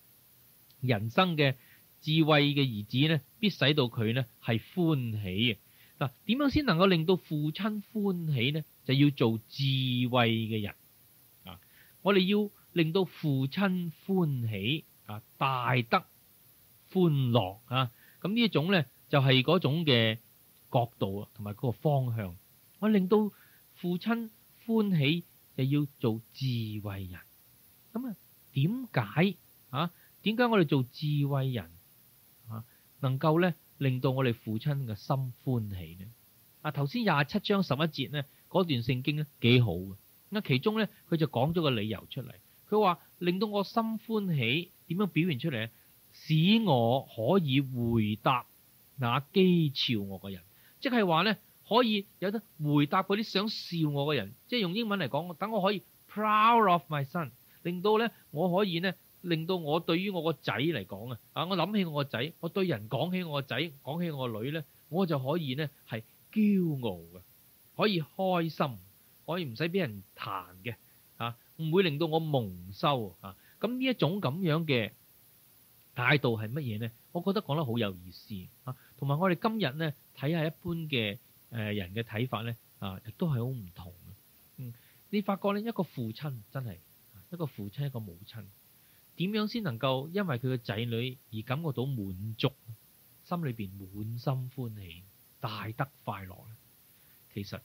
人生嘅。智慧嘅兒子咧，必使到佢咧係歡喜嘅。嗱，點樣先能夠令到父親歡喜咧？就要做智慧嘅人啊！我哋要令到父親歡喜啊，大得歡樂啊。咁呢一種咧，就係嗰種嘅角度啊，同埋嗰個方向。我令到父親歡喜，就要做智慧人。咁啊，點解啊？點解我哋做智慧人？能夠咧令到我哋父親嘅心歡喜咧。啊頭先廿七章十一節咧嗰段聖經咧幾好嘅。咁其中咧佢就講咗個理由出嚟，佢話令到我心歡喜點樣表現出嚟咧，使我可以回答那譏誚我嘅人，即係話咧可以有得回答嗰啲想笑我嘅人，即係用英文嚟講，等我可以 proud of my son，令到咧我可以咧。令到我對於我個仔嚟講啊，啊，我諗起我個仔，我對人講起我個仔，講起我個女咧，我就可以咧係驕傲嘅，可以開心，可以唔使俾人彈嘅，嚇、啊、唔會令到我蒙羞啊。咁呢一種咁樣嘅態度係乜嘢咧？我覺得講得好有意思啊。同埋我哋今日咧睇下一般嘅誒人嘅睇法咧啊，都係好唔同。嗯，你發覺咧一個父親真係一個父親，一個母親。點樣先能夠因為佢嘅仔女而感覺到滿足，心裏面滿心歡喜，大得快樂咧？其實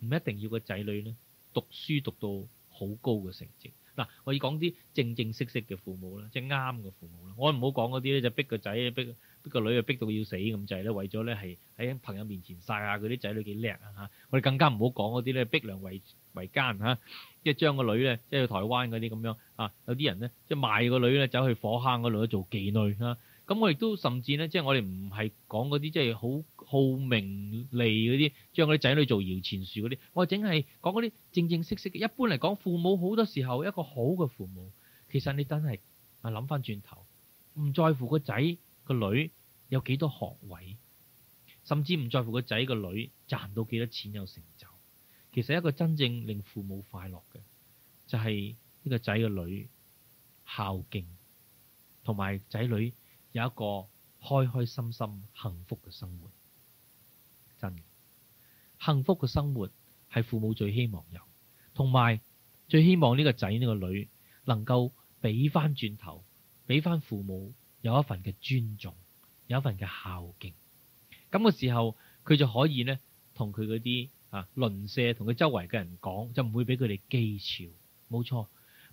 唔一定要個仔女咧讀書讀到好高嘅成績。嗱，我要講啲正正式式嘅父母啦，即係啱嘅父母啦。我唔好講嗰啲咧，就逼個仔、逼逼個女啊，逼到要死咁滯咧，為咗咧係喺朋友面前曬下佢啲仔女幾叻啊！嚇，我哋更加唔好講嗰啲咧，逼良為為奸嚇，即係將個女咧，即係去台灣嗰啲咁樣啊，有啲人咧，即係賣個女咧，走去火坑嗰度做妓女嚇。咁我亦都甚至咧，即係我哋唔係講嗰啲即係好好名利嗰啲，將嗰啲仔女做搖錢樹嗰啲。我淨係講嗰啲正正式式嘅。一般嚟講，父母好多時候一個好嘅父母，其實你真係啊諗翻轉頭，唔在乎個仔個女有幾多學位，甚至唔在乎個仔個女賺到幾多錢有成功。其實一個真正令父母快樂嘅，就係、是、呢個仔嘅女孝敬，同埋仔女有一個開開心心、幸福嘅生活。真嘅，幸福嘅生活係父母最希望有，同埋最希望呢個仔呢個女能夠俾翻轉頭，俾翻父母有一份嘅尊重，有一份嘅孝敬。咁嘅時候，佢就可以呢，同佢嗰啲。啊，鄰舍同佢周圍嘅人講，就唔會俾佢哋譏嘲。冇錯，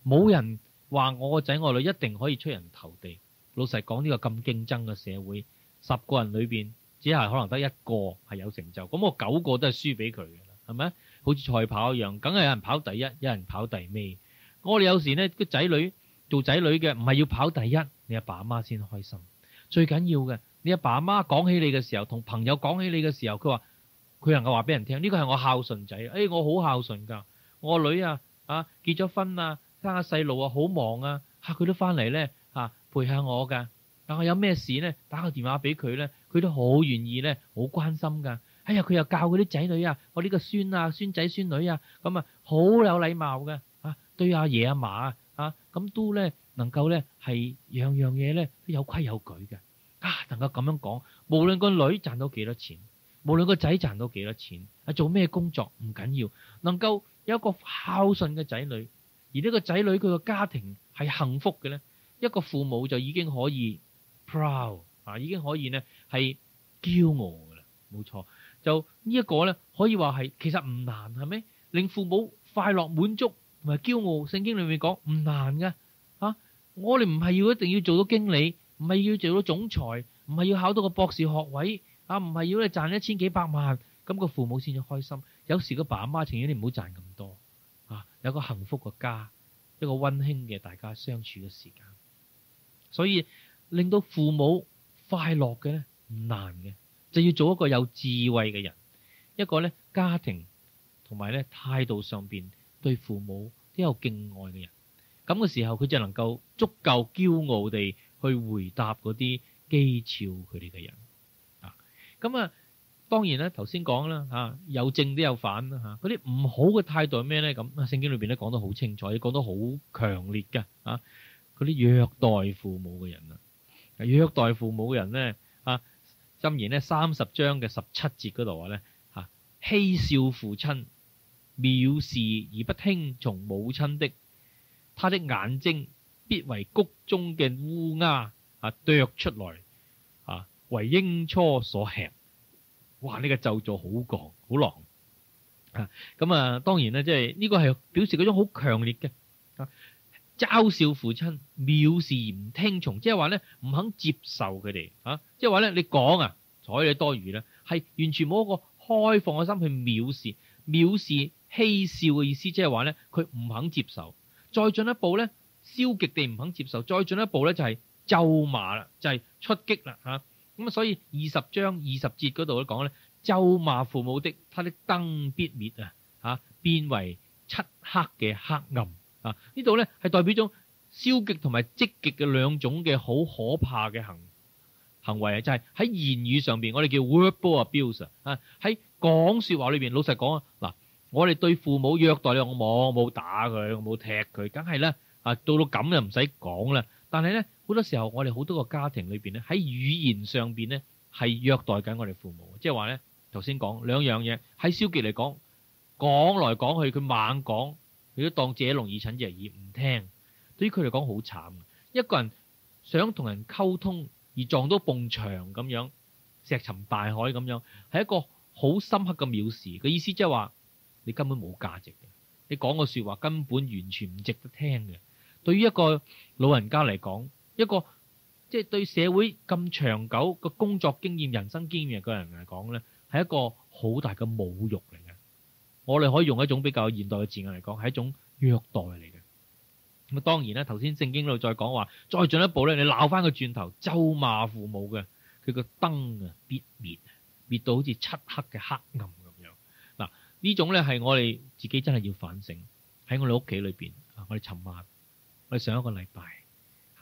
冇人話我個仔我女一定可以出人頭地。老實講，呢個咁競爭嘅社會，十個人裏面只係可能得一個係有成就，咁我九個都係輸俾佢嘅，係咪？好似賽跑一樣，梗係有人跑第一，有人跑第尾。我哋有時呢個仔女做仔女嘅，唔係要跑第一，你阿爸阿媽先開心。最緊要嘅，你阿爸阿媽講起你嘅時候，同朋友講起你嘅時候，佢話。佢能夠話俾人聽，呢個係我孝順仔。誒，我好孝順噶，我女啊，啊，結咗婚啊，生下細路啊，好忙啊，嚇佢都翻嚟咧，嚇陪下我噶。但我有咩事咧，打個電話俾佢咧，佢都好願意咧，好關心噶。哎呀，佢又教佢啲仔女啊，我呢個孫啊、孫仔、孫女啊，咁啊好有禮貌嘅嚇，對阿爺阿嫲啊嚇，咁都咧能夠咧係樣樣嘢咧都有規有矩嘅啊，能夠咁樣講，無論個女賺到幾多錢。無論個仔賺到幾多錢，啊做咩工作唔緊要，能夠有一個孝順嘅仔女，而呢個仔女佢個家庭係幸福嘅咧，一個父母就已經可以 proud 啊，已經可以咧係驕傲噶啦，冇錯，就呢一個咧可以話係其實唔難係咪？令父母快樂滿足同埋驕傲，聖經裏面講唔難噶吓，啊，我哋唔係要一定要做到經理，唔係要做到總裁，唔係要考到個博士學位。啊！唔係要你賺一千幾百萬，咁個父母先至開心。有時個爸阿媽情願你唔好賺咁多啊，有個幸福嘅家，一個温馨嘅大家相處嘅時間。所以令到父母快樂嘅咧唔難嘅，就要做一個有智慧嘅人，一個咧家庭同埋咧態度上邊對父母都有敬愛嘅人。咁嘅時候，佢就能夠足夠驕傲地去回答嗰啲譏誚佢哋嘅人。咁啊，當然啦，頭先講啦，吓，有正都有反啦，吓嗰啲唔好嘅態度係咩咧？咁啊，聖經裏邊咧講得好清楚，講得好強烈㗎。吓嗰啲虐待父母嘅人啊，虐待父母嘅人咧，啊，進然呢三十章嘅十七節嗰度話咧，吓欺笑父親，藐視而不聽從母親的，他的眼睛必為谷中嘅烏鴉啊啄出來。為鷹雛所吃，哇！呢、這個咒詛好強好狼咁啊，啊，當然啦，即係呢個係表示嗰種好強烈嘅、啊、嘲笑父親。父親藐視而唔聽從，即係話咧唔肯接受佢哋，即係話咧你講啊，睬、就是你，啊、你多餘啦，係完全冇一個開放嘅心去藐視、藐視、嬉笑嘅意思，即係話咧佢唔肯接受。再進一步咧，消極地唔肯接受，再進一步咧就係咒罵啦，就係、是就是、出擊啦吓。啊咁啊，所以二十章二十節嗰度咧講咧，咒罵父母的，他的燈必滅啊，吓，變為漆黑嘅黑暗啊！呢度咧係代表咗消極同埋積極嘅兩種嘅好可怕嘅行行為啊，就係喺言語上邊，我哋叫 verbal abuse 啊，喺講說話裏邊，老實講啊，嗱，我哋對父母虐待你，我冇冇打佢，我冇踢佢，梗係啦，啊，到到咁就唔使講啦，但係咧。好多時候，我哋好多個家庭裏面咧，喺語言上面咧係虐待緊我哋父母，即係話咧頭先講兩樣嘢喺消極嚟講，講來講去佢猛講，佢都當自己聾耳陳，隻耳唔聽。對於佢嚟講好慘，一個人想同人溝通而撞到埲牆咁樣石沉大海咁樣，係一個好深刻嘅藐視嘅意思就，即係話你根本冇價值，你講個說話根本完全唔值得聽嘅。對於一個老人家嚟講，一個即係對社會咁長久嘅工作經驗、人生經驗嘅人嚟講咧，係一個好大嘅侮辱嚟嘅。我哋可以用一種比較現代嘅字眼嚟講，係一種虐待嚟嘅。咁啊，當然啦，頭先聖經度再講話，再進一步咧，你鬧翻個轉頭咒罵父母嘅，佢個燈啊，必滅，滅，滅到好似漆黑嘅黑暗咁樣。嗱，呢種咧係我哋自己真係要反省喺我哋屋企裏邊啊，我哋尋晚我哋上一個禮拜。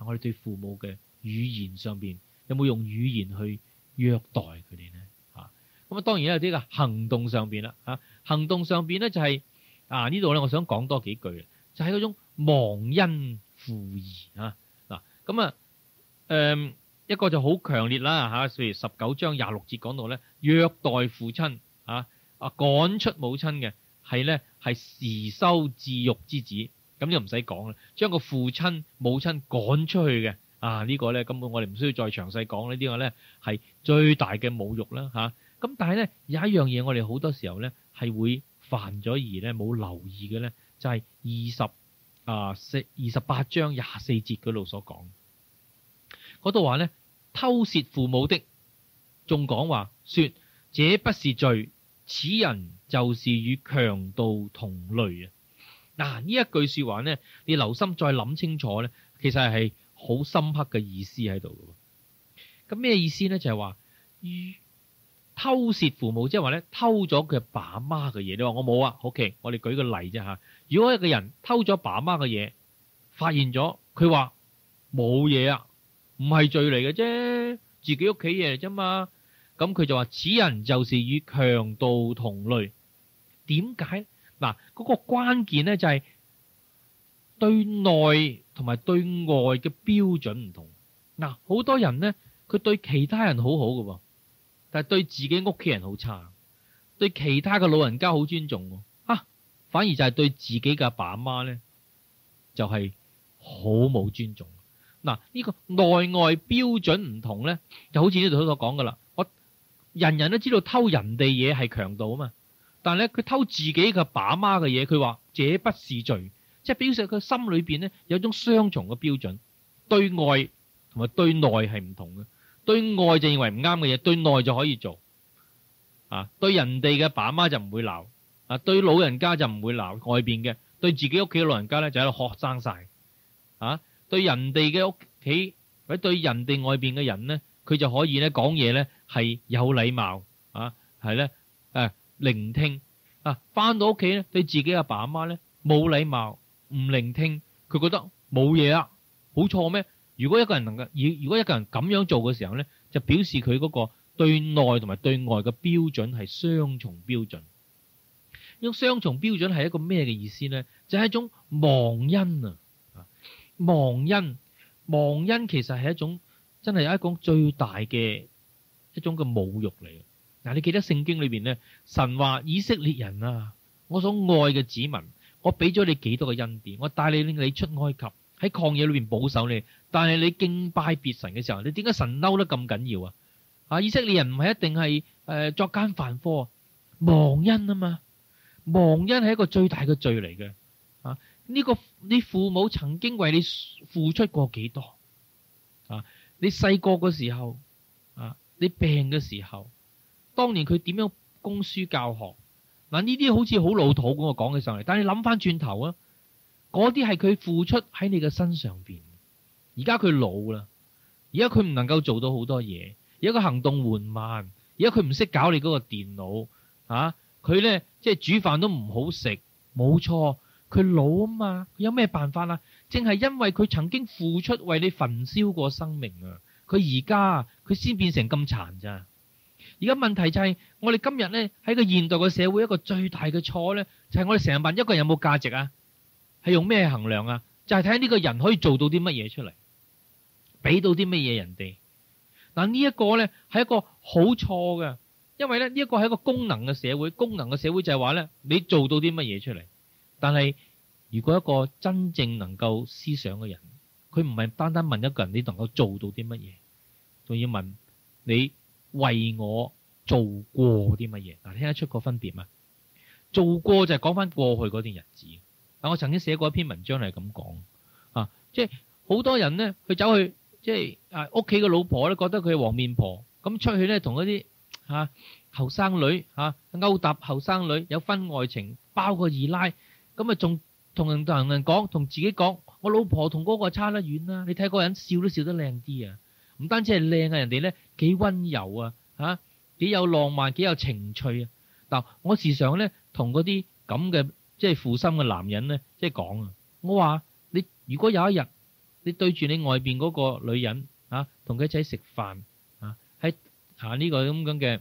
我哋對父母嘅語言上邊有冇用語言去虐待佢哋咧？啊，咁啊，當然有啲嘅行動上邊，啦。行動上邊咧就係、是、啊呢度咧，我想講多幾句，就係、是、嗰種忘恩負義啊，嗱。咁啊、嗯，一個就好強烈啦，嚇，譬、啊、如十九章廿六節講到咧，虐待父親啊，啊趕出母親嘅，係咧係貽羞致辱之子。咁就唔使講啦，將個父親、母親趕出去嘅啊，這個、呢個咧根本我哋唔需要再詳細講呢呢個咧係最大嘅侮辱啦，吓、啊。咁但係咧有一樣嘢，我哋好多時候咧係會犯咗而咧冇留意嘅咧，就係、是、二十啊四二十八章廿四節嗰度所講嗰度話咧偷竊父母的，仲講話說這不是罪，此人就是與強盜同類啊。嗱，呢一句說話咧，你留心再諗清楚咧，其實係好深刻嘅意思喺度嘅。咁咩意思咧？就係、是、話於偷竊父母，即係話咧偷咗佢爸媽嘅嘢。你話我冇啊？OK，我哋舉個例啫吓。如果一個人偷咗爸媽嘅嘢，發現咗，佢話冇嘢啊，唔係罪嚟嘅啫，自己屋企嘢啫嘛。咁佢就話此人就是與強盜同類。點解？嗱，嗰個關鍵咧就係對內同埋對外嘅標準唔同。嗱，好多人咧，佢對其他人好好嘅喎，但係對自己屋企人好差。對其他嘅老人家好尊重，啊，反而就係對自己嘅爸媽咧，就係好冇尊重。嗱，呢個內外標準唔同咧，就好似呢度所講㗎啦。我人人都知道偷人哋嘢係強盜啊嘛。但係咧，佢偷自己嘅爸媽嘅嘢，佢話這不是罪，即係表示佢心裏邊咧有種雙重嘅標準，對外同埋對內係唔同嘅。對外就認為唔啱嘅嘢，對內就可以做。啊，對人哋嘅爸媽就唔會鬧，啊，對老人家就唔會鬧外邊嘅，對自己屋企嘅老人家咧就喺度學生晒。啊，對人哋嘅屋企或者對人哋外邊嘅人咧，佢就可以咧講嘢咧係有禮貌啊，係咧。聆聽啊，翻到屋企咧，對自己阿爸阿媽咧冇禮貌，唔聆聽，佢覺得冇嘢啊，好錯咩？如果一個人能夠，如如果一個人咁樣做嘅時候咧，就表示佢嗰個對內同埋對外嘅標準係雙重標準。呢種雙重標準係一個咩嘅意思咧？就係一種忘恩啊！忘恩，忘恩其實係一種真係有一種最大嘅一種嘅侮辱嚟。嗱，你記得聖經裏邊咧，神話以色列人啊，我所愛嘅子民，我俾咗你幾多個恩典，我帶你令你出埃及，喺曠野裏邊保守你，但係你，你敬拜別神嘅時候，你點解神嬲得咁緊要啊？啊，以色列人唔係一定係誒、呃、作奸犯科啊，忘恩啊嘛，忘恩係一個最大嘅罪嚟嘅啊。呢、這個你父母曾經為你付出過幾多少啊？你細個嘅時候啊，你病嘅時候。當年佢點樣供書教學嗱？呢啲好似好老土咁，我講起上嚟。但係你諗翻轉頭啊，嗰啲係佢付出喺你嘅身上邊。而家佢老啦，而家佢唔能夠做到好多嘢，而家佢行動緩慢，而家佢唔識搞你嗰個電腦啊！佢咧即係煮飯都唔好食，冇錯。佢老啊嘛，佢有咩辦法啊？正係因為佢曾經付出為你焚燒過生命啊！佢而家佢先變成咁殘咋。而家問題就係，我哋今日咧喺個現代嘅社會一個最大嘅錯咧，就係我哋成日問一個人有冇價值啊，係用咩衡量啊？就係睇呢個人可以做到啲乜嘢出嚟，俾到啲乜嘢人哋。但呢一個咧係一個好錯嘅，因為咧呢一個係一個功能嘅社會，功能嘅社會就係話咧，你做到啲乜嘢出嚟？但係如果一個真正能夠思想嘅人，佢唔係單單問一個人你能夠做到啲乜嘢，仲要問你，為我做過啲乜嘢？嗱，聽得出個分別嘛？做過就係講翻過去嗰段日子。嗱，我曾經寫過一篇文章係咁講，啊，即係好多人咧，佢走去即係啊，屋企嘅老婆咧，覺得佢係黃面婆，咁出去咧，同嗰啲吓後生女吓，啊、勾搭後生女，有婚外情包個二奶，咁啊，仲同人同人講，同自己講，我老婆同嗰個差得遠啦，啊，你睇個人笑都笑得靚啲啊！唔單止係靚啊，人哋咧幾溫柔啊，吓幾有浪漫，幾有情趣啊！嗱，我時常咧同嗰啲咁嘅即係負心嘅男人咧，即係講啊，我話你如果有一日你對住你外邊嗰個女人啊，同佢一齊食飯啊，喺啊呢個咁咁嘅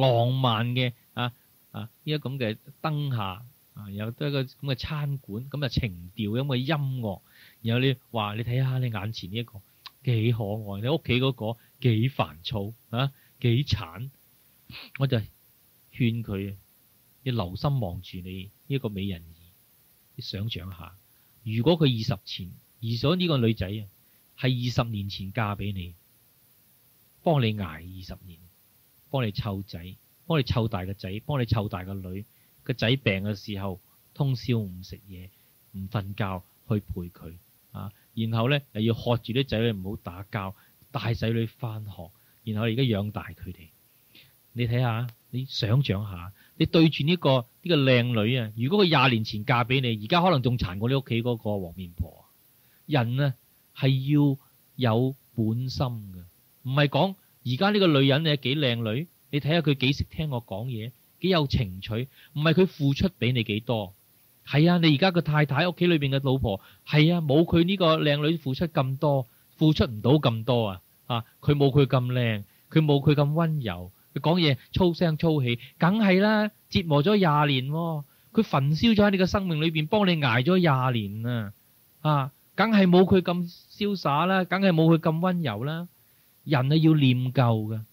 浪漫嘅啊啊呢一咁嘅燈下啊，有一個咁嘅餐館，咁就情調咁嘅音樂，然後你話你睇下你眼前呢一個。幾可愛？你屋企嗰個幾煩躁啊？幾慘？我就勸佢要留心望住你呢個美人兒，你想象下，如果佢二十前而咗呢個女仔啊，係二,二十年前嫁俾你，幫你挨二十年，幫你湊仔，幫你湊大個仔，幫你湊大個女，個仔病嘅時候通宵唔食嘢，唔瞓覺去陪佢啊！然後咧，又要喝住啲仔女唔好打交，帶仔女翻學，然後而家養大佢哋。你睇下，你想象下，你對住呢個呢個靚女啊，如果佢廿年前嫁俾你，而家可能仲殘過你屋企嗰個黃面婆。人啊係要有本心噶，唔係講而家呢個女人你幾靚女，你睇下佢幾識聽我講嘢，幾有情趣，唔係佢付出俾你幾多。係啊！你而家個太太屋企裏邊嘅老婆係啊，冇佢呢個靚女付出咁多，付出唔到咁多啊！啊，佢冇佢咁靚，佢冇佢咁溫柔，佢講嘢粗聲粗氣，梗係啦！折磨咗廿年，啊，佢焚燒咗喺你個生命裏邊，幫你捱咗廿年啊！啊，梗係冇佢咁瀟灑啦，梗係冇佢咁溫柔啦，啊。人啊要念舊噶，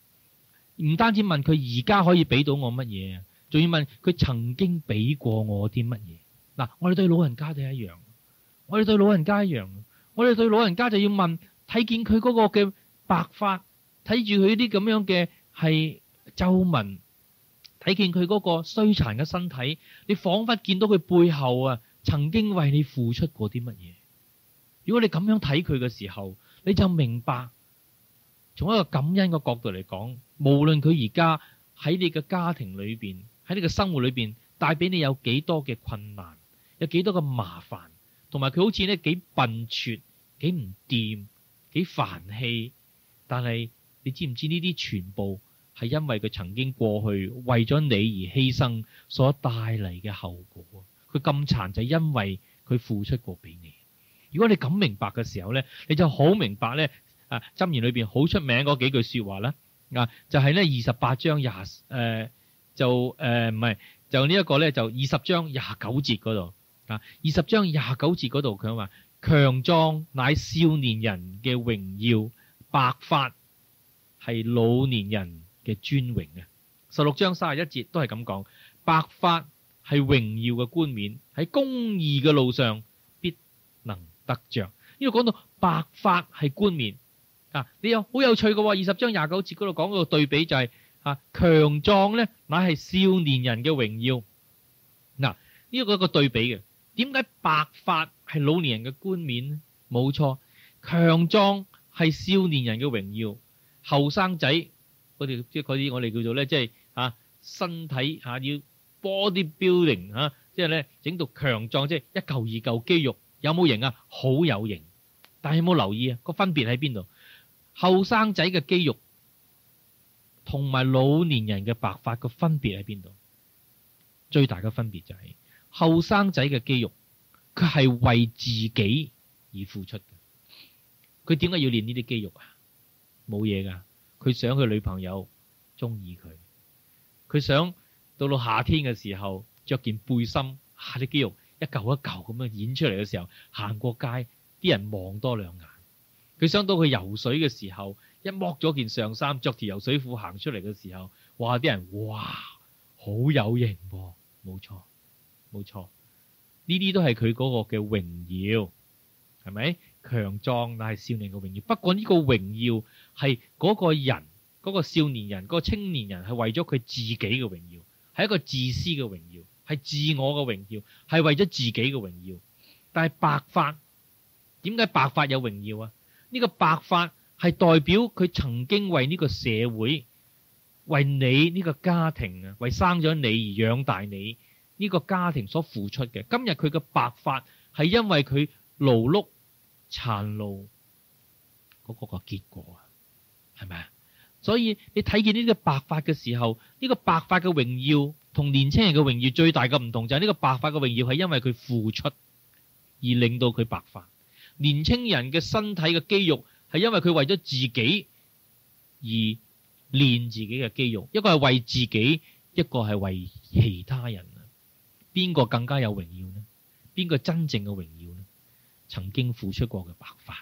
唔單止問佢而家可以俾到我乜嘢，仲要問佢曾經俾過我啲乜嘢。嗱，我哋對老人家都係一樣。我哋對老人家一樣，我哋對老人家就要問睇見佢嗰個嘅白髮，睇住佢啲咁樣嘅係皺紋，睇見佢嗰個衰殘嘅身體，你仿佛見到佢背後啊曾經為你付出過啲乜嘢。如果你咁樣睇佢嘅時候，你就明白從一個感恩嘅角度嚟講，無論佢而家喺你嘅家庭裏邊，喺你嘅生活裏邊帶俾你有幾多嘅困難。有幾多個麻煩，同埋佢好似咧幾笨拙、幾唔掂、幾煩氣。但係你知唔知呢啲全部係因為佢曾經過去為咗你而犧牲所帶嚟嘅後果？佢咁殘就係因為佢付出過俾你。如果你咁明白嘅時候咧，你就好明白咧啊《箴言》裏邊好出名嗰幾句說話啦，啊就係咧二十八章廿誒就誒唔係就呢一個咧就二十章廿九節嗰度。啊！二十章廿九節嗰度佢話，強壯乃少年人嘅榮耀，白髮係老年人嘅尊榮啊！十六章卅一節都係咁講，白髮係榮耀嘅冠冕，喺公義嘅路上必能得着。呢個講到白髮係冠冕啊！你有好有趣嘅，二十章廿九節嗰度講個對比就係啊，強壯咧乃係少年人嘅榮耀。嗱，呢個一個對比嘅。點解白髮係老年人嘅冠冕？冇錯，強壯係少年人嘅榮耀。後生仔條即係嗰啲我哋叫做咧，即係吓身體吓要 body building 吓，即係咧整到強壯，即係一嚿二嚿肌肉，有冇型啊？好有型！但係有冇留意啊？個分別喺邊度？後生仔嘅肌肉同埋老年人嘅白髮個分別喺邊度？最大嘅分別就係、是。後生仔嘅肌肉，佢係為自己而付出。佢點解要練呢啲肌肉啊？冇嘢噶，佢想佢女朋友中意佢。佢想到到夏天嘅時候，着件背心，下、啊、啲、那個、肌肉一嚿一嚿咁樣演出嚟嘅時候，行過街，啲人望多兩眼。佢想到佢游水嘅時候，一剝咗件上衫，着條游水褲行出嚟嘅時候，哇！啲人哇，好有型喎、啊，冇錯。冇錯，呢啲都係佢嗰個嘅榮耀，係咪？強壯，但係少年嘅榮耀。不過呢個榮耀係嗰個人，嗰個少年人，嗰個青年人，係為咗佢自己嘅榮耀，係一個自私嘅榮耀，係自我嘅榮耀，係為咗自己嘅榮耀。但係白髮，點解白髮有榮耀啊？呢個白髮係代表佢曾經為呢個社會，為你呢個家庭啊，為生咗你而養大你。呢個家庭所付出嘅，今日佢嘅白髮係因為佢勞碌殘勞嗰個結果啊，係咪啊？所以你睇見呢個白髮嘅時候，呢個白髮嘅榮耀同年青人嘅榮耀最大嘅唔同就係呢個白髮嘅榮耀係因為佢付出而令到佢白髮，年青人嘅身體嘅肌肉係因為佢為咗自己而練自己嘅肌肉，一個係為自己，一個係為其他人。邊個更加有榮耀呢？邊個真正嘅榮耀呢？曾經付出過嘅白髮，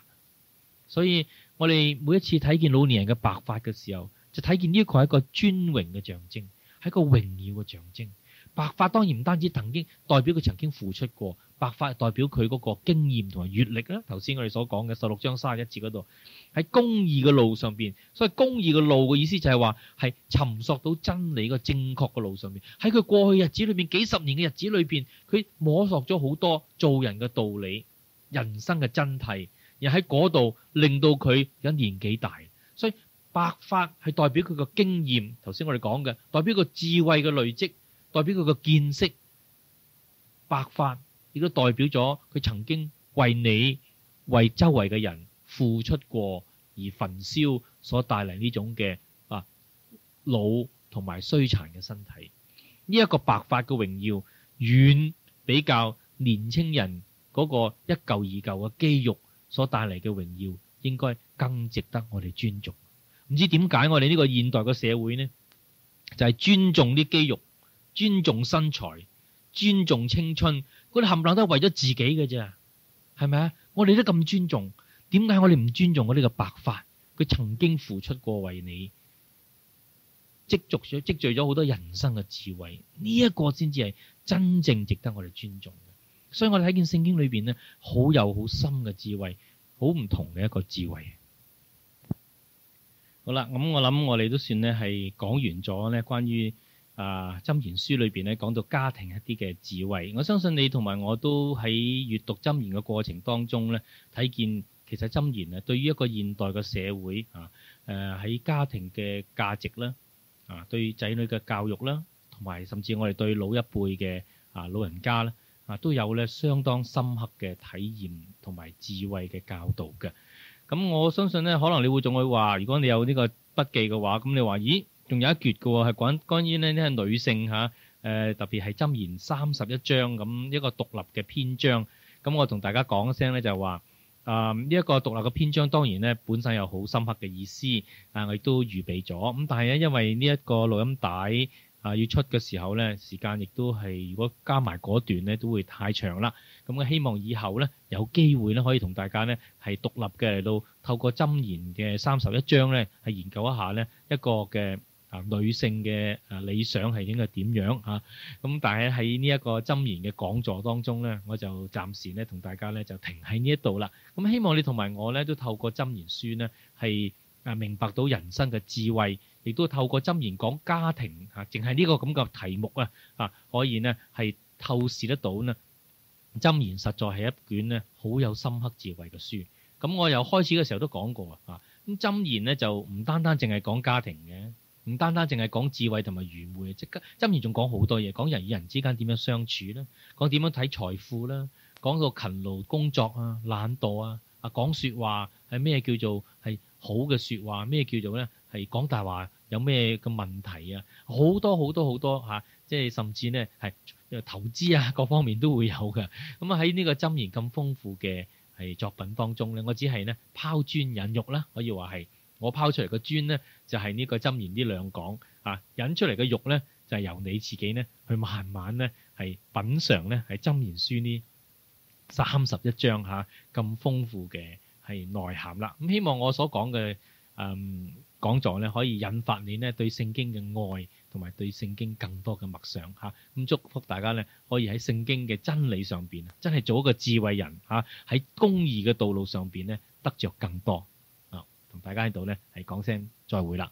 所以我哋每一次睇見老年人嘅白髮嘅時候，就睇見呢一個係一個尊榮嘅象徵，係一個榮耀嘅象徵。白髮當然唔單止曾經代表佢曾經付出過，白髮係代表佢嗰個經驗同埋閱歷啦。頭先我哋所講嘅十六章三十一節嗰度，喺公義嘅路上邊，所以公義嘅路嘅意思就係話係尋索到真理嘅正確嘅路上邊。喺佢過去的日子裏邊，幾十年嘅日子裏邊，佢摸索咗好多做人嘅道理、人生嘅真諦，而喺嗰度令到佢有年紀大，所以白髮係代表佢個經驗。頭先我哋講嘅，代表個智慧嘅累積。代表佢嘅見識白髮，亦都代表咗佢曾經為你、為周圍嘅人付出過而焚燒所帶嚟呢種嘅啊老同埋衰殘嘅身體。呢一個白髮嘅榮耀，遠比較年青人嗰個一舊二舊嘅肌肉所帶嚟嘅榮耀，應該更值得我哋尊重。唔知點解我哋呢個現代嘅社會呢，就係尊重啲肌肉。尊重身材，尊重青春，嗰啲冚唪唥都係為咗自己嘅啫，係咪啊？我哋都咁尊重，點解我哋唔尊重我呢個白髮？佢曾經付出過為你積聚咗積聚咗好多人生嘅智慧，呢一個先至係真正值得我哋尊重嘅。所以我哋喺件聖經裏邊呢，好有好深嘅智慧，好唔同嘅一個智慧。好啦，咁我諗我哋都算呢，係講完咗呢關於。啊，箴言書裏面咧講到家庭一啲嘅智慧，我相信你同埋我都喺閱讀箴言嘅過程當中咧，睇見其實箴言啊，對於一個現代嘅社會啊，啊，喺家庭嘅價值啦，啊對仔女嘅教育啦，同埋，啊，甚至我哋對老一輩嘅啊老人家咧，啊都有咧相當深刻嘅體驗同埋智慧嘅教導嘅。咁我相信咧，可能你會仲會話，如果你有呢個筆記嘅話，咁你話咦？仲有一橛嘅喎，係講關於呢個女性嚇，誒、呃、特別係《箴言》三十一章咁一個獨立嘅篇章。咁我同大家講一聲呢就話啊，呢一個獨立嘅篇章，當然呢本身有好深刻嘅意思，啊我亦都預備咗。咁但係呢，因為呢一個錄音帶啊要出嘅時候呢，時間亦都係如果加埋嗰段呢，都會太長啦。咁我希望以後呢，有機會呢，可以同大家呢係獨立嘅嚟到透過《箴言》嘅三十一章呢，係研究一下呢一個嘅。女性嘅理想係應該點樣啊？咁但係喺呢一個箴言嘅講座當中呢，我就暫時呢同大家呢就停喺呢一度啦。咁希望你同埋我呢都透過箴言書呢，係啊明白到人生嘅智慧，亦都透過箴言講家庭啊，淨係呢個咁嘅題目啊啊，可以呢係透視得到呢箴言實在係一卷呢好有深刻智慧嘅書。咁我又開始嘅時候都講過啊，咁箴言咧就唔單單淨係講家庭嘅。唔單單淨係講智慧同埋愚昧，即刻箴言仲講好多嘢，講人與人之間點樣相處啦，講點樣睇財富啦，講到勤勞工作啊、懶惰啊、啊講説話係咩叫做係好嘅説話，咩叫做咧係講大話有咩嘅問題啊。好多好多好多嚇，即係甚至咧係投資啊各方面都會有嘅。咁啊喺呢個箴言咁豐富嘅係作品當中咧，我只係咧拋磚引玉啦，可以話係。我拋出嚟嘅磚呢，就係呢個《箴言》呢兩講嚇，引出嚟嘅肉呢，就係由你自己呢去慢慢呢，係品嚐呢，係《箴言書》呢三十一章嚇咁豐富嘅係內涵啦。咁希望我所講嘅誒講座呢，可以引發你呢對聖經嘅愛同埋對聖經更多嘅默想嚇。咁祝福大家呢，可以喺聖經嘅真理上邊，真係做一個智慧人嚇，喺公義嘅道路上邊呢，得着更多。同大家喺度咧，係講聲再會啦。